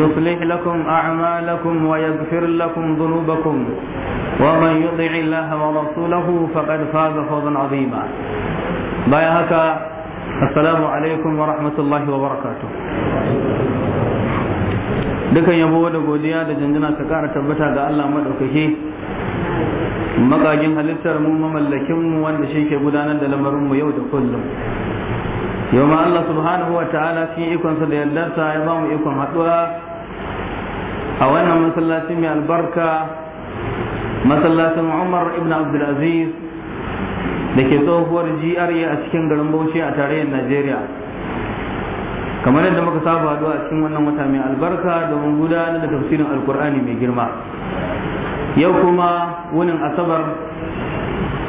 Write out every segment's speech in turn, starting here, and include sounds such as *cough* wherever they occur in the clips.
يصلح لكم أعمالكم ويغفر لكم ذنوبكم ومن يطع الله ورسوله فقد فاز فوزا عظيما بايهك السلام عليكم ورحمة الله وبركاته dukan yabo da godiya da janjina ta kara tabbata ga Allah maɗaukaki makagin halittar mu mamallakin mu wanda shi ke gudanar da lamarin mu yau da kullum yau ma Allah subhanahu wa ta'ala cikin ikonsa da yardarsa ya ba mu ikon haɗuwa a wannan masallacin mai albarka masallacin Umar ibn Abdulaziz da ke tsohuwar GRA a cikin garin Bauchi a tarayyar Najeriya kamar yadda muka saba haɗuwa a cikin wannan wata mai albarka domin gudanar da tafsirin alkur'ani mai girma yau kuma wunin asabar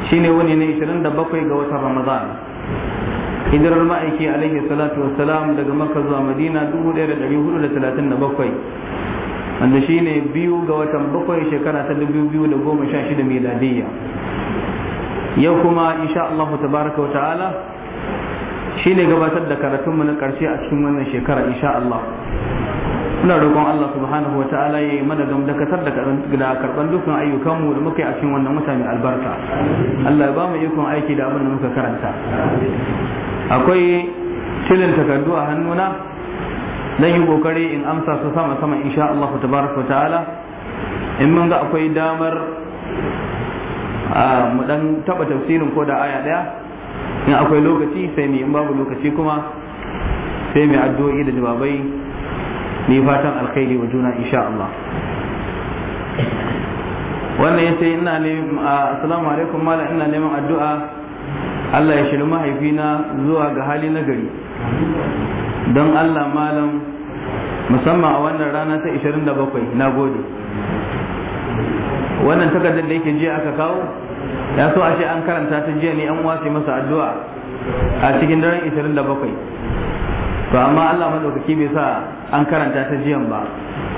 shine wuni na 27 ga watan Ramadan hijirar ma'aiki alaihi salatu wa salam daga makka zuwa madina 1437 wanda shi ne biyu ga watan bakwai shekara ta 2016 miladiyya yau kuma insha Allah tabaraka wa ta'ala shi ne gabatar da karatunmu na karshe a cikin wannan shekara insha Allah muna roƙon Allah subhanahu wa ta'ala ya yi mana gamdakatar da karɓar dukkan ayyukanmu da muka yi a cikin wannan mutane albarka Allah ya ba mu ikon aiki da abin da muka karanta akwai shirin takardu a hannuna zan yi kokari in amsa su sama sama insha Allah tabaraka wa ta'ala in mun ga akwai damar mu dan taba tafsirin ko da aya daya in akwai lokaci sai mu in babu lokaci kuma sai mu addu'o'i da jawabai ni fatan alkhairi wa juna insha Allah wannan yace ina neman assalamu alaikum mallam ina neman addu'a Allah ya shiri mahaifina zuwa ga hali na gari don Allah malam musamman a wannan rana ta 27 na gode wannan takardar da yake jiya aka kawo ya so a ce an karanta ta jiya ne an wace masa addu'a a cikin daren 27 to amma Allah madaukaki bai sa an karanta ta jiyan ba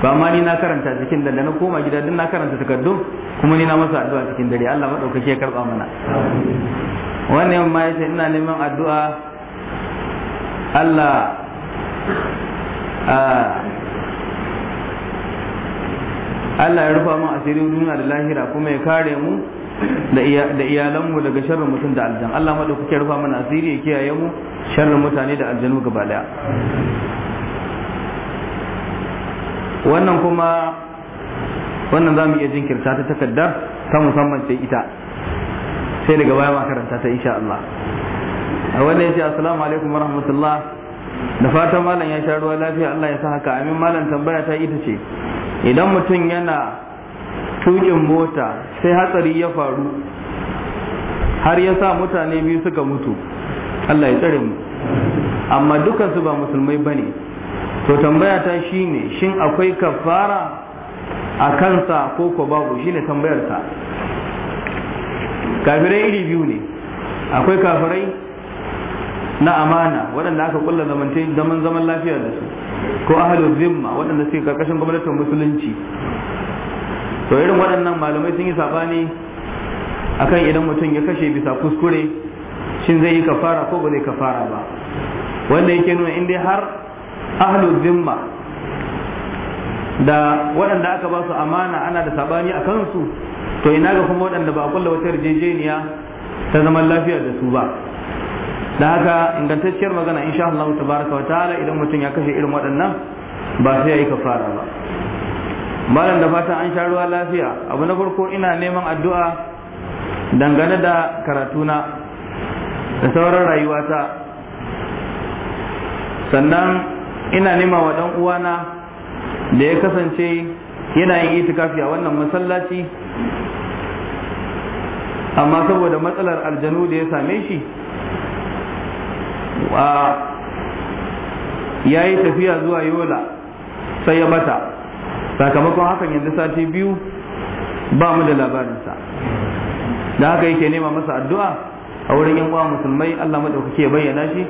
to amma ni na karanta cikin dare na koma gida din na karanta takardun kuma ni na masa addu'a cikin dare Allah madaukaki ya karba mana wannan ma yace ina neman addu'a Allah Allah ya rufa mu asirin duniya da lahira kuma ya kare mu da iyalanmu daga sharrin mutum da aljan Allah maɗaukaki rufa mana asiri ya kiyaye mu sharrin mutane da aljanu gaba daya wannan kuma wannan za mu iya jinkirta ta takardar ta musamman sai ita sai daga baya makaranta ta insha Allah a wannan ya ce assalamu alaikum warahmatullah da fatan malam ya sha ruwa lafiya Allah ya sa haka amin malam tambaya ta ita ce idan mutum yana tukin mota sai hatsari ya faru har ya sa mutane biyu suka mutu Allah ya tsare mu amma dukansu ba musulmai bane to tambaya ta shine shin akwai kafara a kansa ko ko babu shine ta kafirai iri biyu ne akwai kafirai na amana waɗanda aka kulla zaman zaman lafiya da su ko ahalul zimma waɗanda suke karkashin gwamnatin musulunci to irin waɗannan malamai sun yi sabani akan idan mutum ya kashe bisa kuskure shin zai yi kafara ko ba zai kafara ba wanda yake nuna in dai har ahlu zimma da waɗanda aka ba su amana ana da sabani a kansu to ina ga kuma waɗanda ba a kulla wata yarjejeniya ta zaman lafiya da su ba da haka ingantacciyar magana insha Allah tabaraka wa ta'ala idan mutum ya kashe irin waɗannan ba sai ya yi kafara ba malam da fata an sha ruwa lafiya abu na farko ina neman addu'a dangane da karatuna da sauran rayuwata sannan ina nema wa dan uwana da ya kasance yana yin itikafi a wannan masallaci amma saboda matsalar aljanu da ya same shi ya yi tafiya zuwa yola sai ya bata sakamakon hakan yanzu sati biyu ba mu da labarinsa da haka yake nema masa addu'a a wurin yan uwa musulmai Allah madaukake ya bayyana shi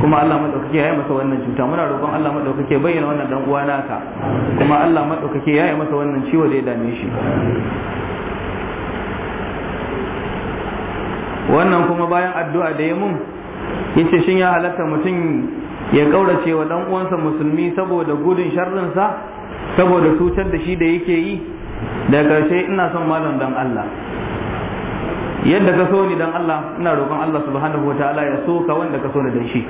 kuma Allah madaukake ya yi masa wannan cuta muna roƙon Allah madaukake ya bayyana wannan dan uwa naka kuma Allah madaukake ya yi masa wannan ciwo da ya dame shi wannan kuma bayan addu'a da ya mun yace shin ya halatta mutum ya kaurace wa dan uwansa musulmi saboda gudun sharrinsa saboda cutar da shi da yake yi da karshe ina son malam dan Allah yadda ka so ni dan Allah ina roƙon Allah subhanahu wa ta'ala ya so ka wanda ka so ni dan shi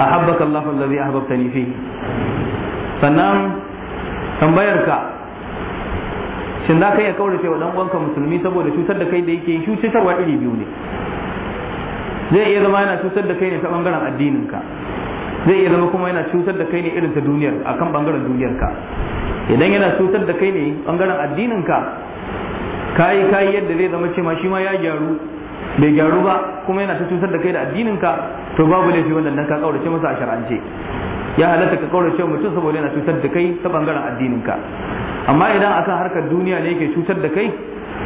habbaka Allah allazi ahbabtani fi sannan tambayar ka shin za ka iya kaurace wa dan uwanka musulmi saboda cutar da kai da yake yi cutarwa iri biyu ne zai iya zama yana cutar da kai ne ta bangaren addinin ka zai iya zama kuma yana cutar da kai ne irin ta duniyar akan bangaren duniyar ka idan yana cutar da kai ne bangaren addinin ka kayi kayi yadda zai zama cewa shi ma ya gyaru bai gyaru ba kuma yana ta cutar da kai da addinin ka to babu laifi wannan dan ka kaurace masa a shar'ance ya halatta ka kaurace mutum saboda yana cutar da kai ta bangaren addinin ka amma idan akan harkar duniya ne yake cutar da kai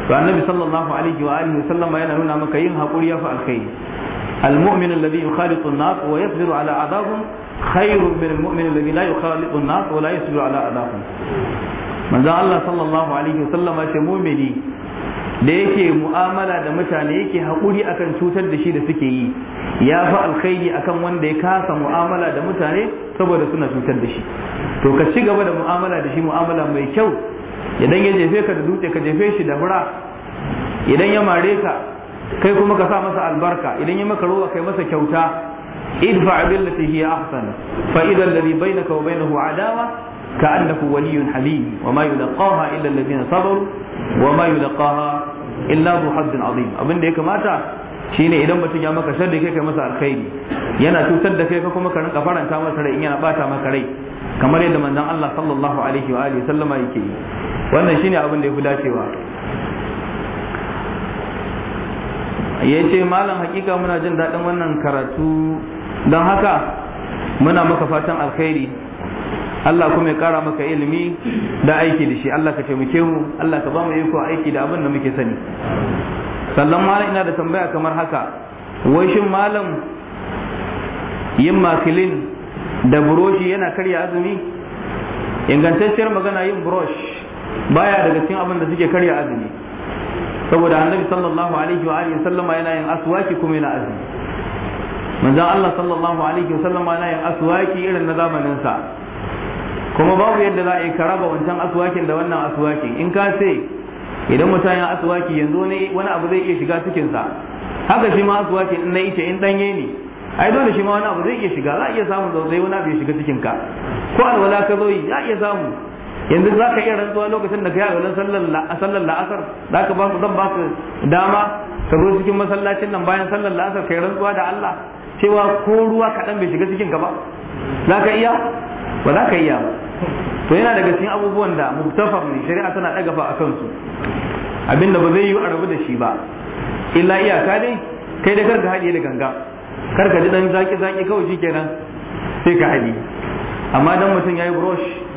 to annabi sallallahu alaihi wa alihi sallama yana nuna maka yin hakuri ya fa alkhairi المؤمن الذي يخالط الناس ويصبر على عذابهم خير من المؤمن الذي لا يخالط الناس ولا يصبر على عذابهم من ذا الله صلى الله عليه وسلم ce mumini da yake mu'amala da mutane yake haƙuri akan cutar da shi da suke yi ya fi alkhairi akan wanda ya kasa mu'amala da mutane saboda suna cutar da shi to ka ci gaba da mu'amala da shi mu'amala mai kyau idan ya jefe ka da dutse ka jefe shi da hura idan ya mare ka kai kuma ka sa masa albarka idan ya maka ruwa kai masa kyauta idfa billati hiya ahsan fa idha alladhi bainaka wa bainahu adawa da ولي حميم وما يلقاها إلا الذين صبروا وما يلقاها إلا ذو حظ عظيم أبن ديك ماتا shine idan mutum ya maka sharri kai kai masa alkhairi yana cutar da kai ka kuma ka rinka faranta masa rai in yana bata maka rai kamar yadda manzon Allah sallallahu alaihi wa alihi sallama yake yi wannan shine abin da fi dacewa ya ce malam hakika muna jin daɗin wannan karatu don haka muna maka fatan alkhairi Allah kuma ya kara maka ilimi da aiki da shi Allah ka taimake mu Allah ka ba mu iko aiki da abin da muke sani sannan malam ina da tambaya kamar haka wai shin malam yin makilin da buroshi yana karya azumi ingantacciyar magana yin burush baya daga cikin abin da suke karya azumi saboda annabi sallallahu alaihi wa alihi sallama yana yin aswaki kuma yana azumi manzon Allah sallallahu alaihi wa sallama yana yin aswaki irin na zamanin sa kuma babu yadda za a yi karaba wancan aswakin da wannan aswakin in ka ce idan mutum ya aswaki yanzu ne wani abu zai iya shiga cikin sa haka shi ma aswaki in na ice in danye ne ai dole shi ma wani abu zai iya shiga za a iya samun zauzai wani abu ya shiga cikin ka ko alwala ka zo yi za a iya samu yanzu za ka iya rantsuwa lokacin da ka yi alwalan sallar la'asar za ka ba su zan ba su dama ka zo cikin masallacin nan bayan sallar la'asar ka yi rantsuwa da Allah cewa ko ruwa kaɗan bai shiga cikin ka za ka iya ba za ka iya ba to yana daga cikin abubuwan da muktafar ne shari'a tana ɗaga fa a kansu abinda ba zai yi a rabu da shi ba illa iyaka dai kai da karka haɗiye da ganga karka ji dan zaki zaƙi kawai kenan sai ka haɗi amma dan mutum ya yi brush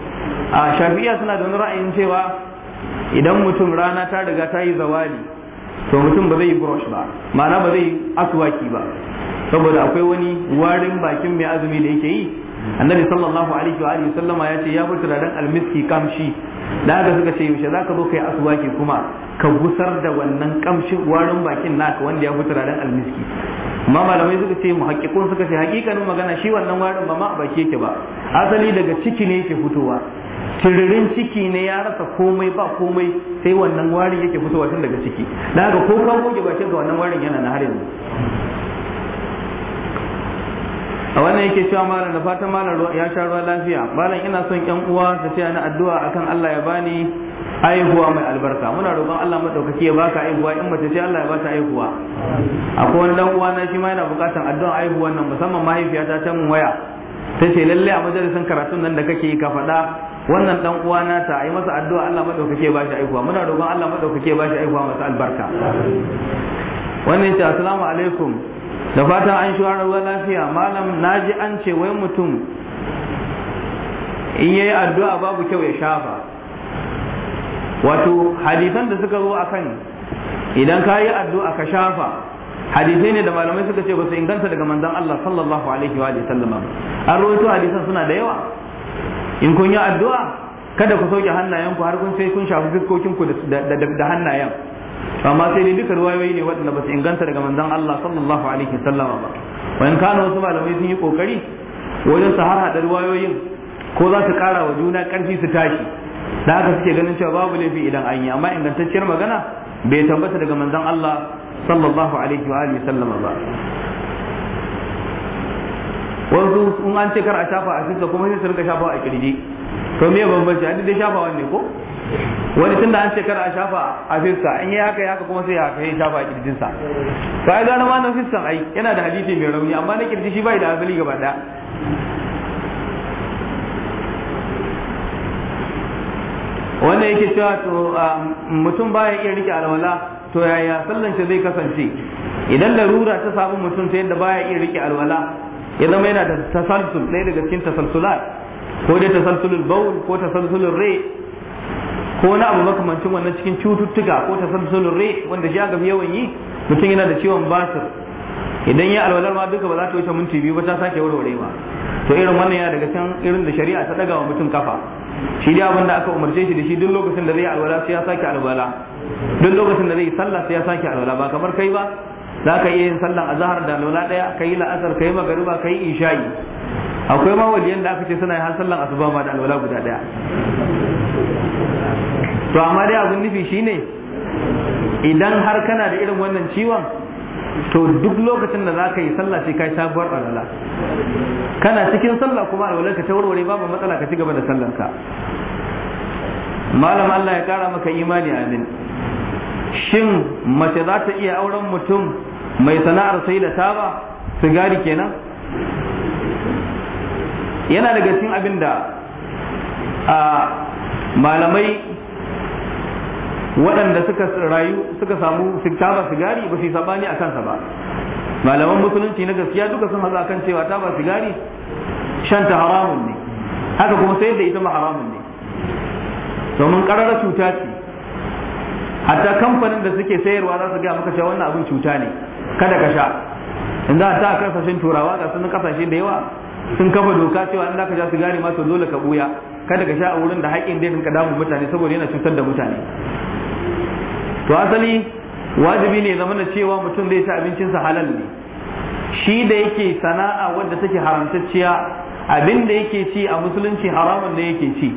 a shafiya suna da wani ra'ayin cewa idan mutum rana ta riga ta yi zawali to mutum ba zai yi brush ba ma'ana ba zai aswaki ba saboda akwai wani warin bakin mai azumi da yake yi annabi sallallahu alaihi wa alihi sallama ya ce ya bi turaren almiski kamshi da haka suka ce yaushe zaka zo kai aswaki kuma ka gusar da wannan kamshin warin bakin naka wanda ya bi turaren almiski amma malamai suka ce muhakkikun suka ce hakikanin magana shi wannan warin ba ma a baki yake ba asali daga ciki ne yake fitowa tiririn ciki ne ya rasa komai ba komai sai wannan warin yake fitowa tun daga ciki da haka ko ka goge bakin ga wannan warin yana na har yanzu a wannan yake cewa malam da fatan malam ya sha ruwa lafiya malam ina son yan uwa su ce na addu'a akan Allah ya bani aihuwa mai albarka muna roƙon Allah madaukaki ya baka aihuwa in mace ce Allah ya bata aihuwa akwai wani dan uwa na shi ma yana buƙatar addu'a aihuwa nan musamman mahaifiya ta mun waya ta ce lalle a majalisin karatun nan da kake yi ka faɗa wannan dan uwa na ta yi masa addu'a Allah madaukaki ya bashi aihuwa muna roƙon Allah madaukaki ya bashi aihuwa masa albarka wannan ce assalamu alaikum da fatan an shi ruwa lafiya malam na ji an ce wai mutum in yi addu'a babu kyau ya shafa wato hadisan da suka zo a kan idan ka yi addu'a ka shafa hadisai ne da malamai suka ce ba su inganta daga manzan Allah sallallahu alaihi wa sallama an rawaito hadisan suna da yawa in kun yi addu'a kada ku sauke hannayenku har kun sai kun shafi fiskokin da hannayen amma sai dai duka ruwayoyi ne waɗanda ba su inganta daga manzon Allah sallallahu alaihi wasallam ba wayan kana wasu malamai sun yi kokari wajen su harhaɗa ruwayoyin ko za su ƙara wa juna ƙarfi su tashi da haka suke ganin cewa babu laifi idan an yi amma ingantacciyar magana bai tabbata daga manzon Allah sallallahu alaihi wa alihi wasallam ba wanzu in an ce kar a shafa a cikin kuma sai su rika shafa a kirji to me bambanci a dai shafa wanne ko wani tunda an ce a shafa a fista in yi haka haka kuma sai haka ya shafa a kirjinsa ba ya gano ma na ai yana da hadisi mai rauni amma na kirji shi bai da asali gaba daya wannan yake cewa to mutum baya iya rike alwala to yaya sallance zai kasance idan larura ta samu mutum ta yadda baya iya rike alwala ya zama yana da tasalsul ɗaya daga cikin tasalsulat ko dai tasalsulul bawul ko tasalsulul rai ko wani abu makamancin wannan cikin cututtuka ko ta rai wanda shi aka fi yawan yi mutum yana da ciwon basir idan ya alwalar ma duka ba za ta wuce minti biyu ba ta sake warware ba to irin wannan yana daga can irin da shari'a ta daga wa mutum kafa shi dai abin da aka umarce shi da shi duk lokacin da zai alwala sai ya sake alwala duk lokacin da zai sallah sai ya sake alwala ba kamar kai ba za ka iya yin sallan azahar da alwala daya yi la'asar ka kai magariba kai isha'i akwai ma da aka ce suna yi har sallan asuba ma da alwala guda daya to amma dai abin nufi shine idan har kana da irin wannan ciwon to duk lokacin da za ka yi sallah sai ka yi sabuwar alala kana cikin sallah kuma alwalar ka ta warware babu matsala ka ci gaba da sallar ka malam Allah ya kara maka imani amin shin mace za ta iya auren mutum mai sana'ar sai da taba sigari kenan yana daga cikin abin da malamai waɗanda suka rayu suka samu taba sigari ba su yi sabani a kansa ba malaman musulunci na gaskiya duka sun haza kan cewa taba sigari shan ta haramun ne haka kuma sayar da ita ma haramun ne domin ƙararra cuta ce hatta kamfanin da suke sayarwa za su gaya maka cewa wannan abin cuta ne kada ka sha in za a ta kasashen turawa ga sunan kasashe da yawa sun kafa doka cewa in za ka sha sigari ma to dole ka buya kada ka sha a wurin da haƙƙin dai ka damu mutane saboda yana cutar da mutane to asali wajibi ne zama da cewa mutum zai ci abincin sa halal ne shi da yake sana'a wanda take haramtacciya abin da yake ci a musulunci haramun da yake ci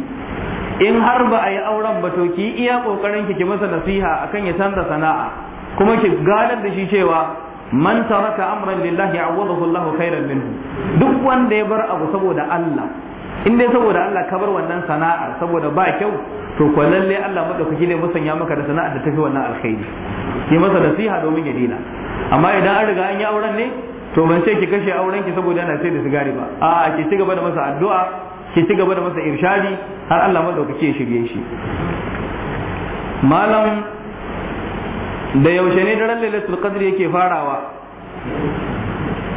in har ba a yi auren ba to ki iya kokarin ki ki masa nasiha akan ya canza sana'a kuma ki gadar da shi cewa man taraka amran lillahi awwadahu Allahu khairan minhu duk wanda ya bar abu saboda Allah in dai saboda Allah ka bar wannan sana'ar saboda ba kyau to ko lalle Allah madaukaki ne musanya maka da sana'ar da tafi wannan alkhairi ki masa nasiha domin ya dina amma idan an riga an yi auren ne to ban ce ki kashe auren ki saboda ana sai da sigari ba a'a ki ci gaba da masa addu'a ki ci gaba da masa irshadi har Allah madaukaki ya shirye shi malam da yaushe ne daren lailatul qadr yake farawa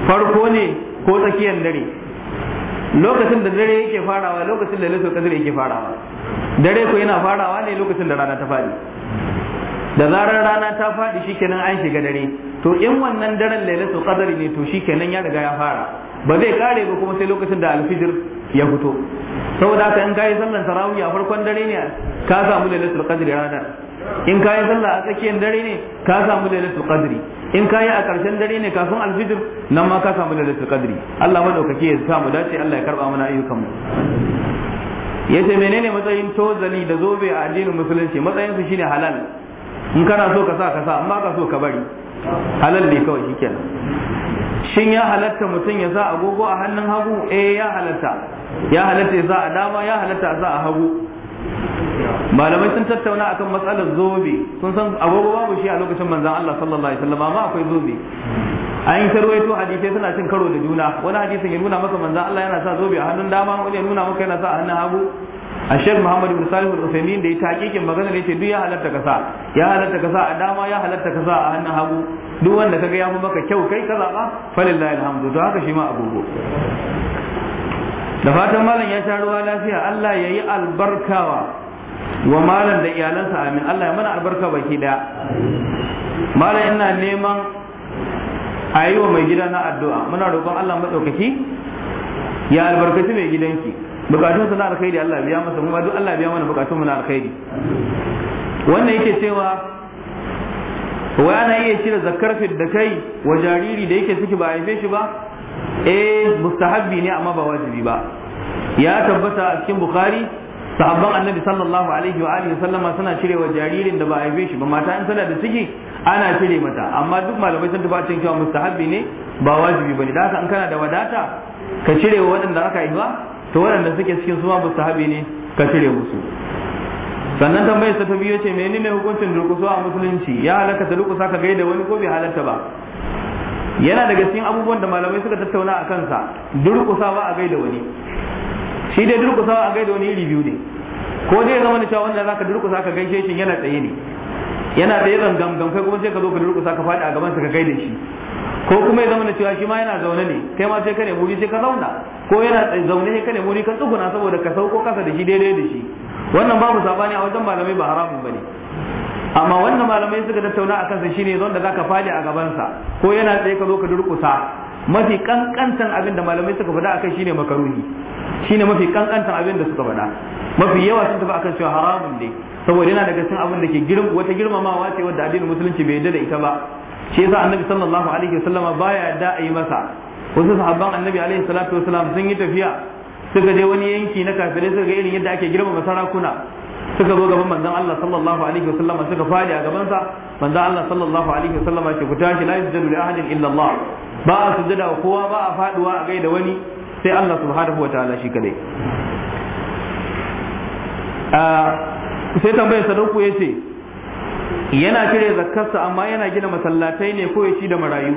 farko ne ko tsakiyar dare lokacin da dare yake farawa lokacin da lailatul qadr yake farawa dare ko yana farawa ne lokacin da rana ta fadi da zarar rana ta fadi shikenan an shiga dare to in wannan daren lailatul qadr ne to shikenan ya riga ya fara ba zai kare ba kuma sai lokacin da alfijir ya fito saboda haka in kayi sallan tarawih a farkon dare ne ka samu lailatul qadr ranar in kayi sallah a tsakiyar dare ne ka samu lailatul qadri in ka yi a ƙarshen dare ne kafin alfijir nan ma ka samu lalata kadri. Allah madaukake ya sa mu dace Allah ya karba mana ayyukanmu yace menene matsayin tozali da zobe a addinin musulunci matsayin su shine halal in kana so ka sa ka sa amma ka so ka bari halal ne kawai shikenan shin ya halatta mutum ya sa agogo a hannun hagu eh ya halatta ya halatta ya sa a dama ya halatta a sa a hagu malamai sun tattauna akan matsalar zobe sun san agogo babu shi a lokacin manzan Allah sallallahu alaihi wasallam amma akwai zobe an karwaito hadisai suna cin karo da juna wani hadisin ya nuna maka manzan Allah yana sa zobe a hannun dama wani ya nuna maka yana sa a hannun hagu a shek muhammad ibn salihu al-usaimin da ya magana da yace duk ya halatta kasa ya halatta kasa a dama ya halatta kasa a hannun hagu duk wanda kaga ya fi maka kyau kai ka zaba falillahi alhamdu to haka shi ma agogo da fatan malam ya sha ruwa lafiya Allah ya yi albarkawa wa malam da iyalansa amin Allah ya mana albarka baki da malam ina neman a yi wa mai gida na addu'a muna roƙon Allah maɗaukaki ya albarkaci mai gidanki bukatun na alkhairi Allah biya masa kuma duk Allah biya mana bukatunmu na alkhairi wannan yake cewa wai ana iya cire zakar da kai wa jariri da yake ciki ba a haife shi ba eh mustahabbi ne amma ba wajibi ba ya tabbata a cikin bukhari sahabban annabi sallallahu alaihi wa alihi sallama suna cirewa jaririn da ba a haife shi ba mata in tana da ciki ana cire mata amma duk malamai sun tabbata cewa mustahabbi ne ba wajibi bane da haka in kana da wadata ka cire wa waɗanda aka haifa to waɗanda suke cikin ma mustahabbi ne ka cire musu sannan tambayar sa ta biyo ce menene hukuncin durkusuwa a musulunci ya halaka ta durkusa ka gaida wani ko bai halarta ba yana daga cikin abubuwan da malamai suka tattauna a kansa durƙusawa a gaida wani shi dai durƙusawa a gaida wani iri biyu ne ko dai ya zama cewa wanda zaka durƙusa ka gaishe shi yana tsaye ne yana da zangam gamgam kai kuma sai ka zo ka durƙusa ka faɗi a gaban sa ka gaida shi ko kuma ya zama da cewa shi ma yana zaune ne kai ma sai ka ne wuri sai ka zauna ko yana zaune sai ka ne wuri ka tsuguna saboda ka sauko kasa da shi daidai da shi wannan babu sabani a wajen malamai ba haramun bane amma wannan malamai suka tattauna a kansa shine zon da zaka fadi a gabansa ko yana tsaye ka zo ka durkusa mafi kankantan abin da malamai suka faɗa akai shine makaruni shine mafi kankantan abin da suka faɗa mafi yawa sun tafi akan cewa haramun ne saboda yana daga cikin abin da ke girma wata girmamawa ce wadda addinin musulunci bai yarda da ita ba shi yasa annabi sallallahu alaihi wasallam baya da a yi masa wasu sahabban annabi alaihi salatu wasallam sun yi tafiya suka je wani yanki na kafirai suka ga irin yadda ake girma masarakuna suka zo gaban manzon Allah sallallahu alaihi wasallam suka fadi a gaban sa manzon Allah sallallahu alaihi wasallam ce ku tashi la yusjadu li ahadin illa Allah ba a sujada kowa ba a faduwa a gaida wani sai Allah subhanahu wa ta'ala shi kadai sai tambayar sadauku ya ce yana cire zakkarsa amma yana gina masallatai ne ko ya ci da marayu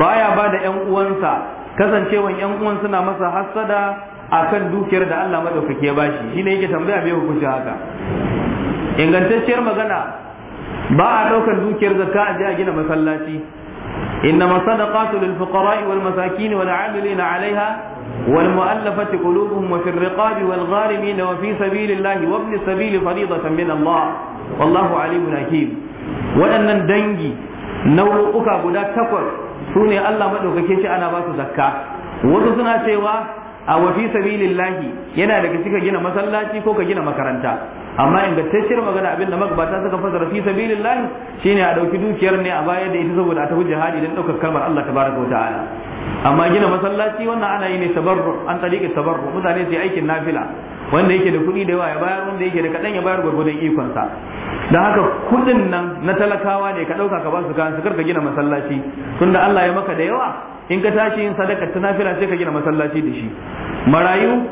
baya ba da 'yan uwansa kasancewan ƴan uwan suna masa hassada Akan dukiyar da Allah maɗaukaki ya bashi shi ne yake tambaya mai hukunci haka ingantacciyar magana ba'a a ɗaukar dukiyar zakka a a gina masallaci inna masadaqatu lil fuqara'i wal masakin wal 'amilina 'alayha wal mu'allafati qulubuhum wa fil riqabi wal gharimin wa fi sabilillahi wa ibn sabil fariidatan min Allah wallahu 'alimun hakim waɗannan dangi nau'uka guda takwas sune Allah madaukake shi ana ba su zakka wasu suna cewa a wafi sabilillahi yana daga cikin gina masallaci ko ka gina makaranta amma ingantacciyar magana abinda magabata suka fasara fi sabilillahi shine a dauki dukiyar ne a bayar da ita saboda a tafi jihadi dan daukar kalmar Allah tabaraka wa ta'ala amma gina masallaci wannan ana yi ne tabarru an tsariki tabarru mutane su aikin nafila wanda yake da kuɗi da yawa ya bayar wanda yake da kaɗan ya bayar gwargwadon sa dan haka kuɗin nan na talakawa ne ka ɗauka ka ba su kayan su karka gina masallaci tunda Allah ya maka da yawa in ka tashi yin sadaka ta nafila sai ka gina masallaci da shi marayu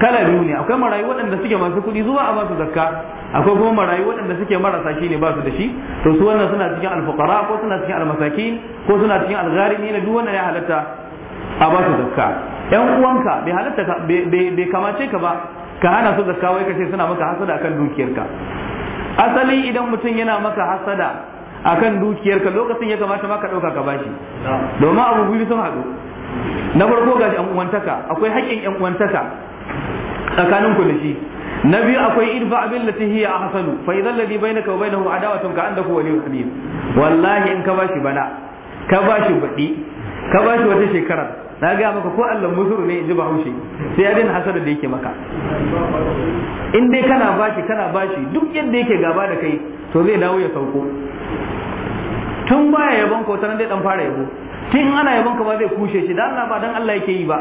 kala biyu ne akwai marayu waɗanda suke masu kuɗi zuwa a basu zakka akwai kuma marayu waɗanda suke marasa shi ne basu da shi to su wannan suna cikin alfuqara ko suna cikin almasakin ko suna cikin algharimi na duk wanda ya halatta a basu zakka yan uwanka bai halatta bai kamace ka ba ka hana su zakka wai ka ce suna maka hasada akan dukiyarka asali idan mutum yana maka hasada akan dukiyarka lokacin ya kamata ma ka dauka ka bashi domin abu biyu sun haɗu na farko ga yan uwantaka akwai haƙƙin yan uwantaka tsakanin ku da shi na biyu akwai irfa abin lati hiya hasanu fa idan bai bainaka wa bainahu adawatun ka annahu waliyyun hamim wallahi in ka bashi bana ka bashi baɗi ka bashi wata shekara na ga maka ko Allah musuru ne in ji bahaushe sai ya daina hasara da yake maka in dai kana bashi kana bashi duk yadda yake gaba da kai to zai dawo ya sauko tun baya yabon ka wata dan fara yabo tun ana yabon ka ba zai kushe shi da Allah ba dan Allah yake yi ba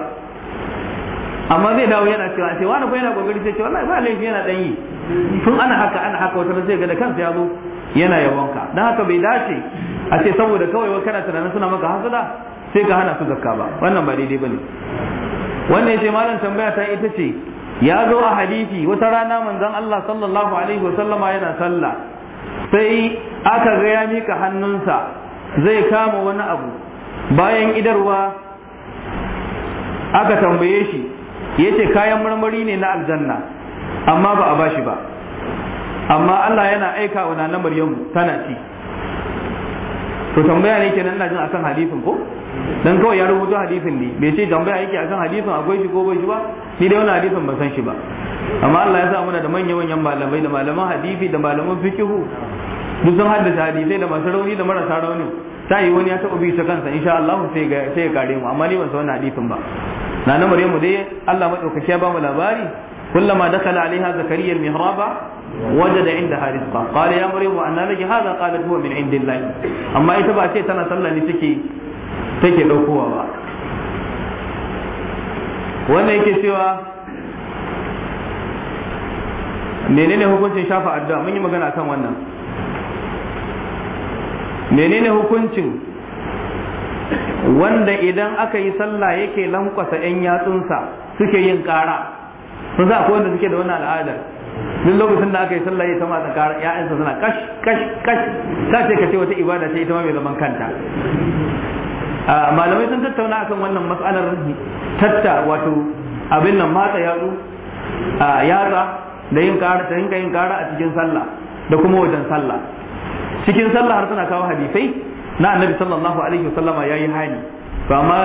amma zai dawo yana cewa sai wani ko yana kokari sai cewa wallahi ba laifi yana dan yi tun ana haka ana haka wata nan sai ga da kansa ya zo yana yabon ka dan haka bai dace a ce saboda kawai wa kana tunanin suna maka hasada sai ka hana su zakka ba wannan ba daidai bane wannan yace malam tambaya ta ita ce ya zo a hadisi wata rana manzon Allah sallallahu alaihi wasallama yana sallah sai aka ga ya mika hannunsa zai kama wani abu bayan idarwa aka tambaye shi ya ce kayan marmari ne na aljanna amma ba a bashi ba amma Allah yana aika wa na Maryamu tana ci to tambaya ne kenan ina jin akan hadisin ko dan kawai ya rubuta hadisin ne bai ce tambaya yake akan hadisin akwai shi ko bai shi ba ni dai wannan hadisin ban san shi ba amma Allah ya sa muna da manyan manyan malamai da malaman hadisi da malaman fikihu duk sun haddace hadisai da masu rauni da marasa rauni ta yi wani ya taɓa bi ta kansa insha Allah sai ya kare mu amma ni ban san wannan hadisin ba na na mu dai Allah madaukaki ya ba mu labari kullama dakala alaiha zakariya almihraba mihraba wajada inda haris ba qala ya maryamu anna laki hadha qalat huwa min indillah amma ita ba ce tana sallah ne take take daukowa ba wannan yake cewa menene hukuncin shafa addu'a mun yi magana kan wannan menene hukuncin wanda idan aka yi sallah yake lankwasa 'yan yatsunsa suke yin ƙara sun za akwai wanda suke da wani al'adar duk lokacin da aka yi sallah ya tama tsakarar ya'yansa suna kash kash kash ta ce ka ce wata ibada ce ita ma mai zaman kanta malamai sun tattauna akan wannan matsalar tatta wato abin nan matsa yatsu yatsa da yin kara ta rinka yin kara a cikin sallah da kuma wajen sallah cikin sallah har suna kawo hadisai na annabi sallallahu alaihi wasallama yi hani to amma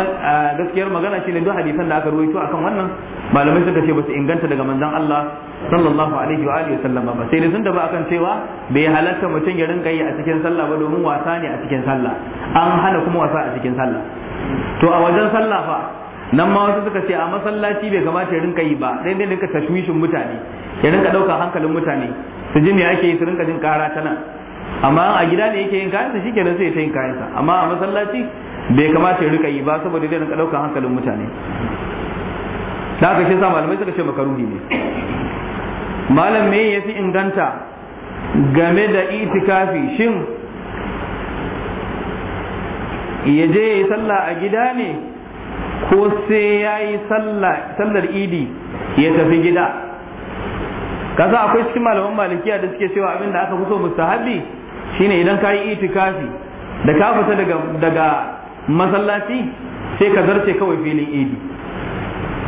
gaskiyar magana shi ne duk hadisan da aka ruwaito akan wannan malamai suka ce ba su inganta daga manzon Allah sallallahu alaihi wa alihi sallama ba sai da sun taba akan cewa bai halatta mutum ya rinka yi a cikin sallah ba domin wasa ne a cikin sallah an hana kuma wasa a cikin sallah to a wajen sallah fa nan ma wasu suka ce a masallaci bai kamata ya rinka yi ba dai dai rinka tashwishin mutane ya rinka dauka hankalin mutane su ji me yake yi su rinka jin kara ta nan amma a gida ne yake yin kayansa kenan sai ya ta yin kayansa amma a masallaci bai kamata ya rinka yi ba saboda zai rinka dauka hankalin mutane da aka shi sa malamai suka ce makaruhi ne malam me ya fi inganta game da itikafi shin ya je ya yi sallah a gida ne ko sai ya yi sallar idi ya tafi gida kasa akwai cikin malaman malikiya da suke cewa abin da aka fi so mustahabi shine idan ka yi itikafi da ka fita daga masallaci sai ka zarce kawai filin idi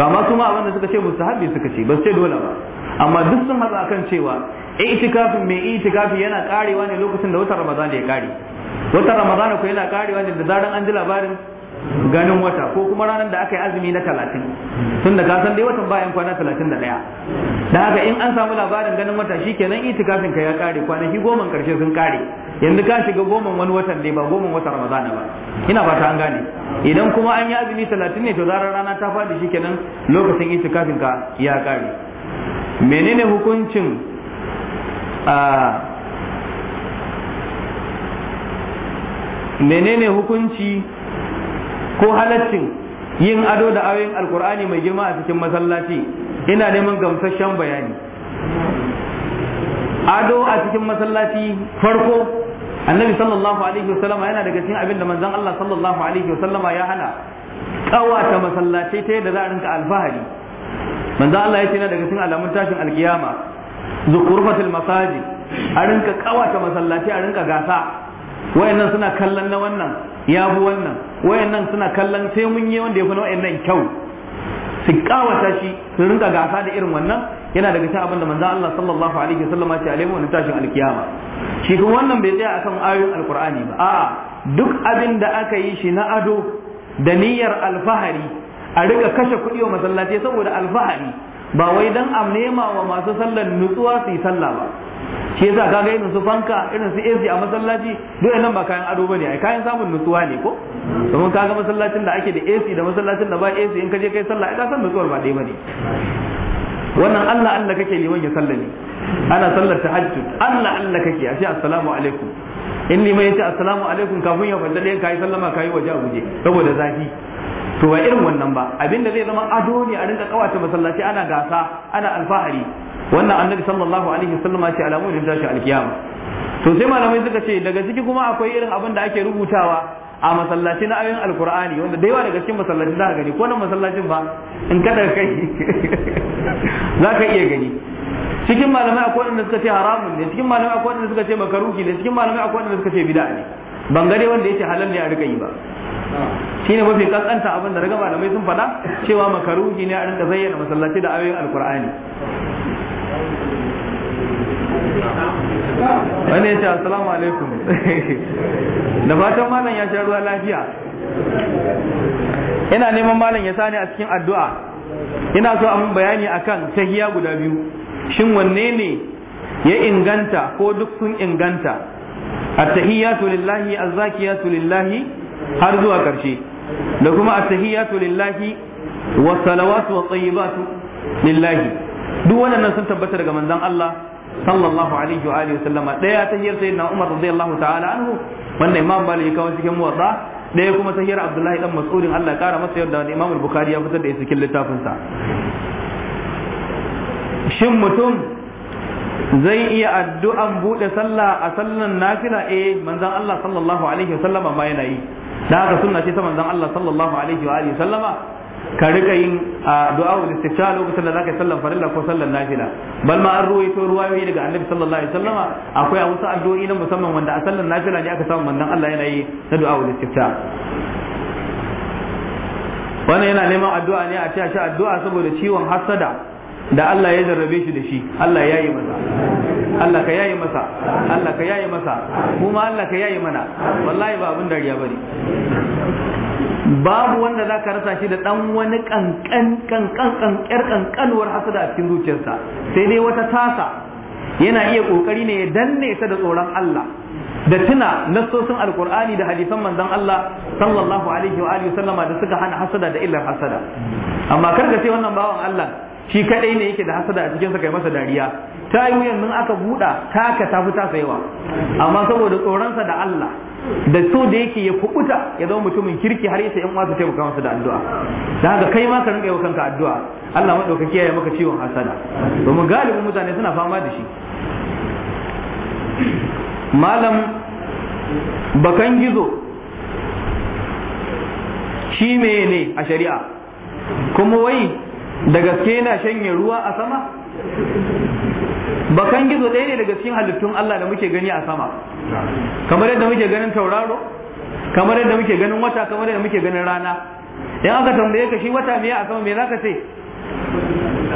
kama ma abin da suka ce mustahabi suka ce ba su ce dole ba amma duk sun matsa kan cewa itikafin mai itikafi yana karewa ne lokacin da watan ramadana da ya kare watan ramadana ko yana karewa ne da zaran an ji labarin ganin wata ko kuma ranar da aka yi azumi na talatin tun da kasan dai watan bayan kwana talatin da ɗaya da haka in an samu labarin ganin wata shi kenan itikafin ka ya kare kwanaki goma karshe sun kare yanzu ka shiga goma wani watan dai ba goma wata ramadana ba ina fata an gane idan kuma an yi azumi talatin ne to zarar rana ta faɗi shi kenan lokacin itikafin ka ya kare menene hukuncin a menene hukunci ko halaccin yin ado da ayoyin alkur'ani mai girma a cikin masallaci ina neman gamsasshen bayani ado a cikin masallaci farko annabi sallallahu alaihi wasallama yana daga cikin abin da manzon Allah sallallahu alaihi wasallama ya hana kawata masallaci ta yadda za a rinka alfahari manzo Allah ya ce na daga cikin alamun tashin alkiyama zukurfatul masaji a rinka kawata masallaci a rinka gasa wayannan suna kallon na wannan ya bu wannan wayannan suna kallon sai mun yi wanda ya fi na wayannan kyau su kawata shi su rinka gasa da irin wannan yana daga cikin abin da manzo Allah sallallahu alaihi wasallam ce alaihi wa tashin alkiyama shi kuma wannan bai tsaya akan ayoyin alqur'ani ba a'a duk abin da aka yi shi na ado da niyyar alfahari a rika kashe kuɗi wa masallaci saboda alfahari ba wai dan a nema wa masu sallar nutsuwa su yi sallah ba shi yasa kaga irin su fanka irin su AC a masallaci duk nan ba kayan ado bane ai kayan samun nutsuwa ne ko domin kaga masallacin da ake da AC da masallacin da ba AC in ka je kai sallah ai ka san nutsuwar ba dai bane wannan Allah Allah kake wani ya sallani. ana sallar tahajjud Allah Allah kake a ce assalamu alaikum in liman mai ce assalamu alaikum kafin ya fadda ɗayan kayi sallama kayi waje a guje saboda zafi to ba irin wannan ba abinda zai zama ado ne a rinka kawace masallaci ana gasa ana alfahari wannan annabi sallallahu alaihi wasallam ce alamu da shi alkiyama to sai malamai suka ce daga ciki kuma akwai irin abin da ake rubutawa a masallaci na ayoyin alkur'ani wanda da yawa daga cikin masallaci za ka gani ko nan masallacin ba in kada kai *laughs* za ka iya gani cikin malamai akwai wanda suka ce haramun ne cikin malamai akwai wanda suka ce makaruki ne cikin malamai akwai wanda suka ce bid'a ne ban gare wanda yake halal ne a rika yi ba shine mafi kankanta abin da daga malamai sun fada cewa makaruhi ne a rinka zayyana masallaci da ayoyin alkur'ani wani ya ce assalamu alaikum da fatan malam ya sha ruwa lafiya ina neman malam ya sani a cikin addu'a ina so amin bayani akan tahiya guda biyu shin wanne ne ya inganta ko duk sun inganta a tahiyatu lillahi a zakiyatu lillahi har zuwa ƙarshe da kuma a attahiyatu lillahi wa salawatu wa tayyibatu lillahi duk waɗannan sun tabbata daga manzon Allah sallallahu alaihi wa alihi sallama daya tahiyar sayyidina Umar radiyallahu ta'ala anhu wanda Imam Malik ya kawo cikin muwatta daya kuma tahiyar Abdullahi dan Mas'udin Allah ya kara masa yadda da Imam Bukhari ya fitar da cikin littafin sa shin mutum zai iya addu'an buɗe sallah a sallan nafila eh manzon Allah sallallahu alaihi wasallama ma yana yi da haka sunna ce ta manzon Allah sallallahu alaihi wa alihi sallama ka rika yin du'a da istifsha lokacin da zaka sallan farilla ko sallan nafila bal ma an ruwaito ruwayoyi daga annabi sallallahu alaihi wasallama akwai wasu addu'o'i na musamman wanda a sallan nafila ne aka samu manzon Allah yana yi na du'a da istifsha wannan yana neman addu'a ne a ce shi addu'a saboda ciwon hasada da Allah ya jarrabe shi da shi Allah ya yi masa Allah ka yayi masa Allah ka yayi masa kuma Allah ka yayi mana wallahi ba abin dariya bane babu wanda za ka rasa shi da dan wani kankan kankan kankan hasada a cikin zuciyarsa sai dai wata tasa yana iya kokari ne ya danne ta da tsoron Allah da tuna nassosin alkur'ani da hadisan manzon Allah sallallahu alaihi wa alihi sallama da suka hana hasada da illar hasada amma kar ka wannan bawan Allah shi kadai ne yake da hasada a cikinsa kai masa dariya ta yi wuyan nan aka buɗa ta ka tafi tasa yawa. amma saboda tsoronsa da Allah da so da yake ya kubuta ya zama mutumin kirki har yasa yan wasu taimaka masa da addu'a da haka kai ma ka rinka yi kanka addu'a Allah madaukaki ya maka ciwon hasada domin galibin mutane suna fama da shi malam bakan gizo shi ne a shari'a kuma wai da gaske yana shanye ruwa a sama bakan gizo ɗaya ne daga cikin halittun Allah da muke gani a sama kamar yadda muke ganin tauraro kamar yadda muke ganin wata kamar yadda muke ganin rana yan aka tambaye ka shi wata me a sama me zaka ce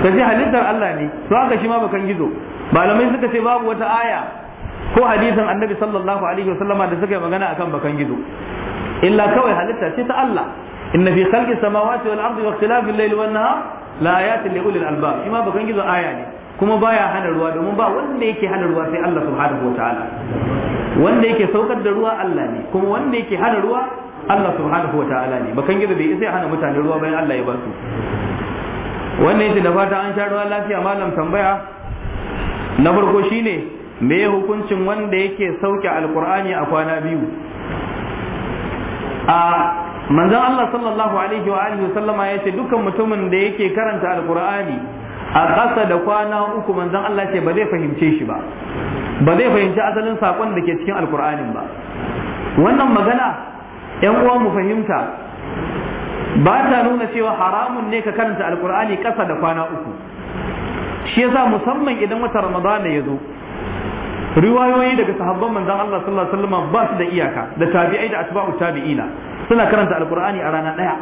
ka ce halittar Allah ne to aka shi ma bakan gizo malamai suka ce babu wata aya ko hadisin annabi sallallahu alaihi wa wasallama da suka yi magana akan bakan gizo illa kawai halitta ce ta Allah inna fi khalqi samawati wal ardi wa ikhtilafi al-layli wan nahar la ayatin li ulil albab ima ba gizo aya ne kuma baya hana ruwa domin ba wanda yake hana ruwa sai Allah subhanahu wataala wanda yake saukar da ruwa Allah ne kuma wanda yake hana ruwa Allah subhanahu wataala ne bakan gizo bai sai hana mutane ruwa bayan Allah ya ba su wannan yace da fata an sha ruwa lafiya malam tambaya na farko shine me hukuncin wanda yake sauke alqur'ani a kwana biyu a manzon Allah sallallahu alaihi wa alihi sallama ya ce dukkan mutumin da yake karanta alqur'ani a kasa da kwana uku manzon Allah ce ba zai fahimce shi ba ba zai fahimci asalin sakon da ke cikin alqur'anin ba wannan magana yan uwa mu fahimta ba ta nuna cewa haramun ne ka karanta alqur'ani kasa da kwana uku shi yasa musamman idan wata ramadana ya zo riwayoyi daga sahabban manzon Allah sallallahu alaihi sallama ba su da iyaka da tabi'ai da asba'u tabi'ina suna karanta alkur'ani a rana ɗaya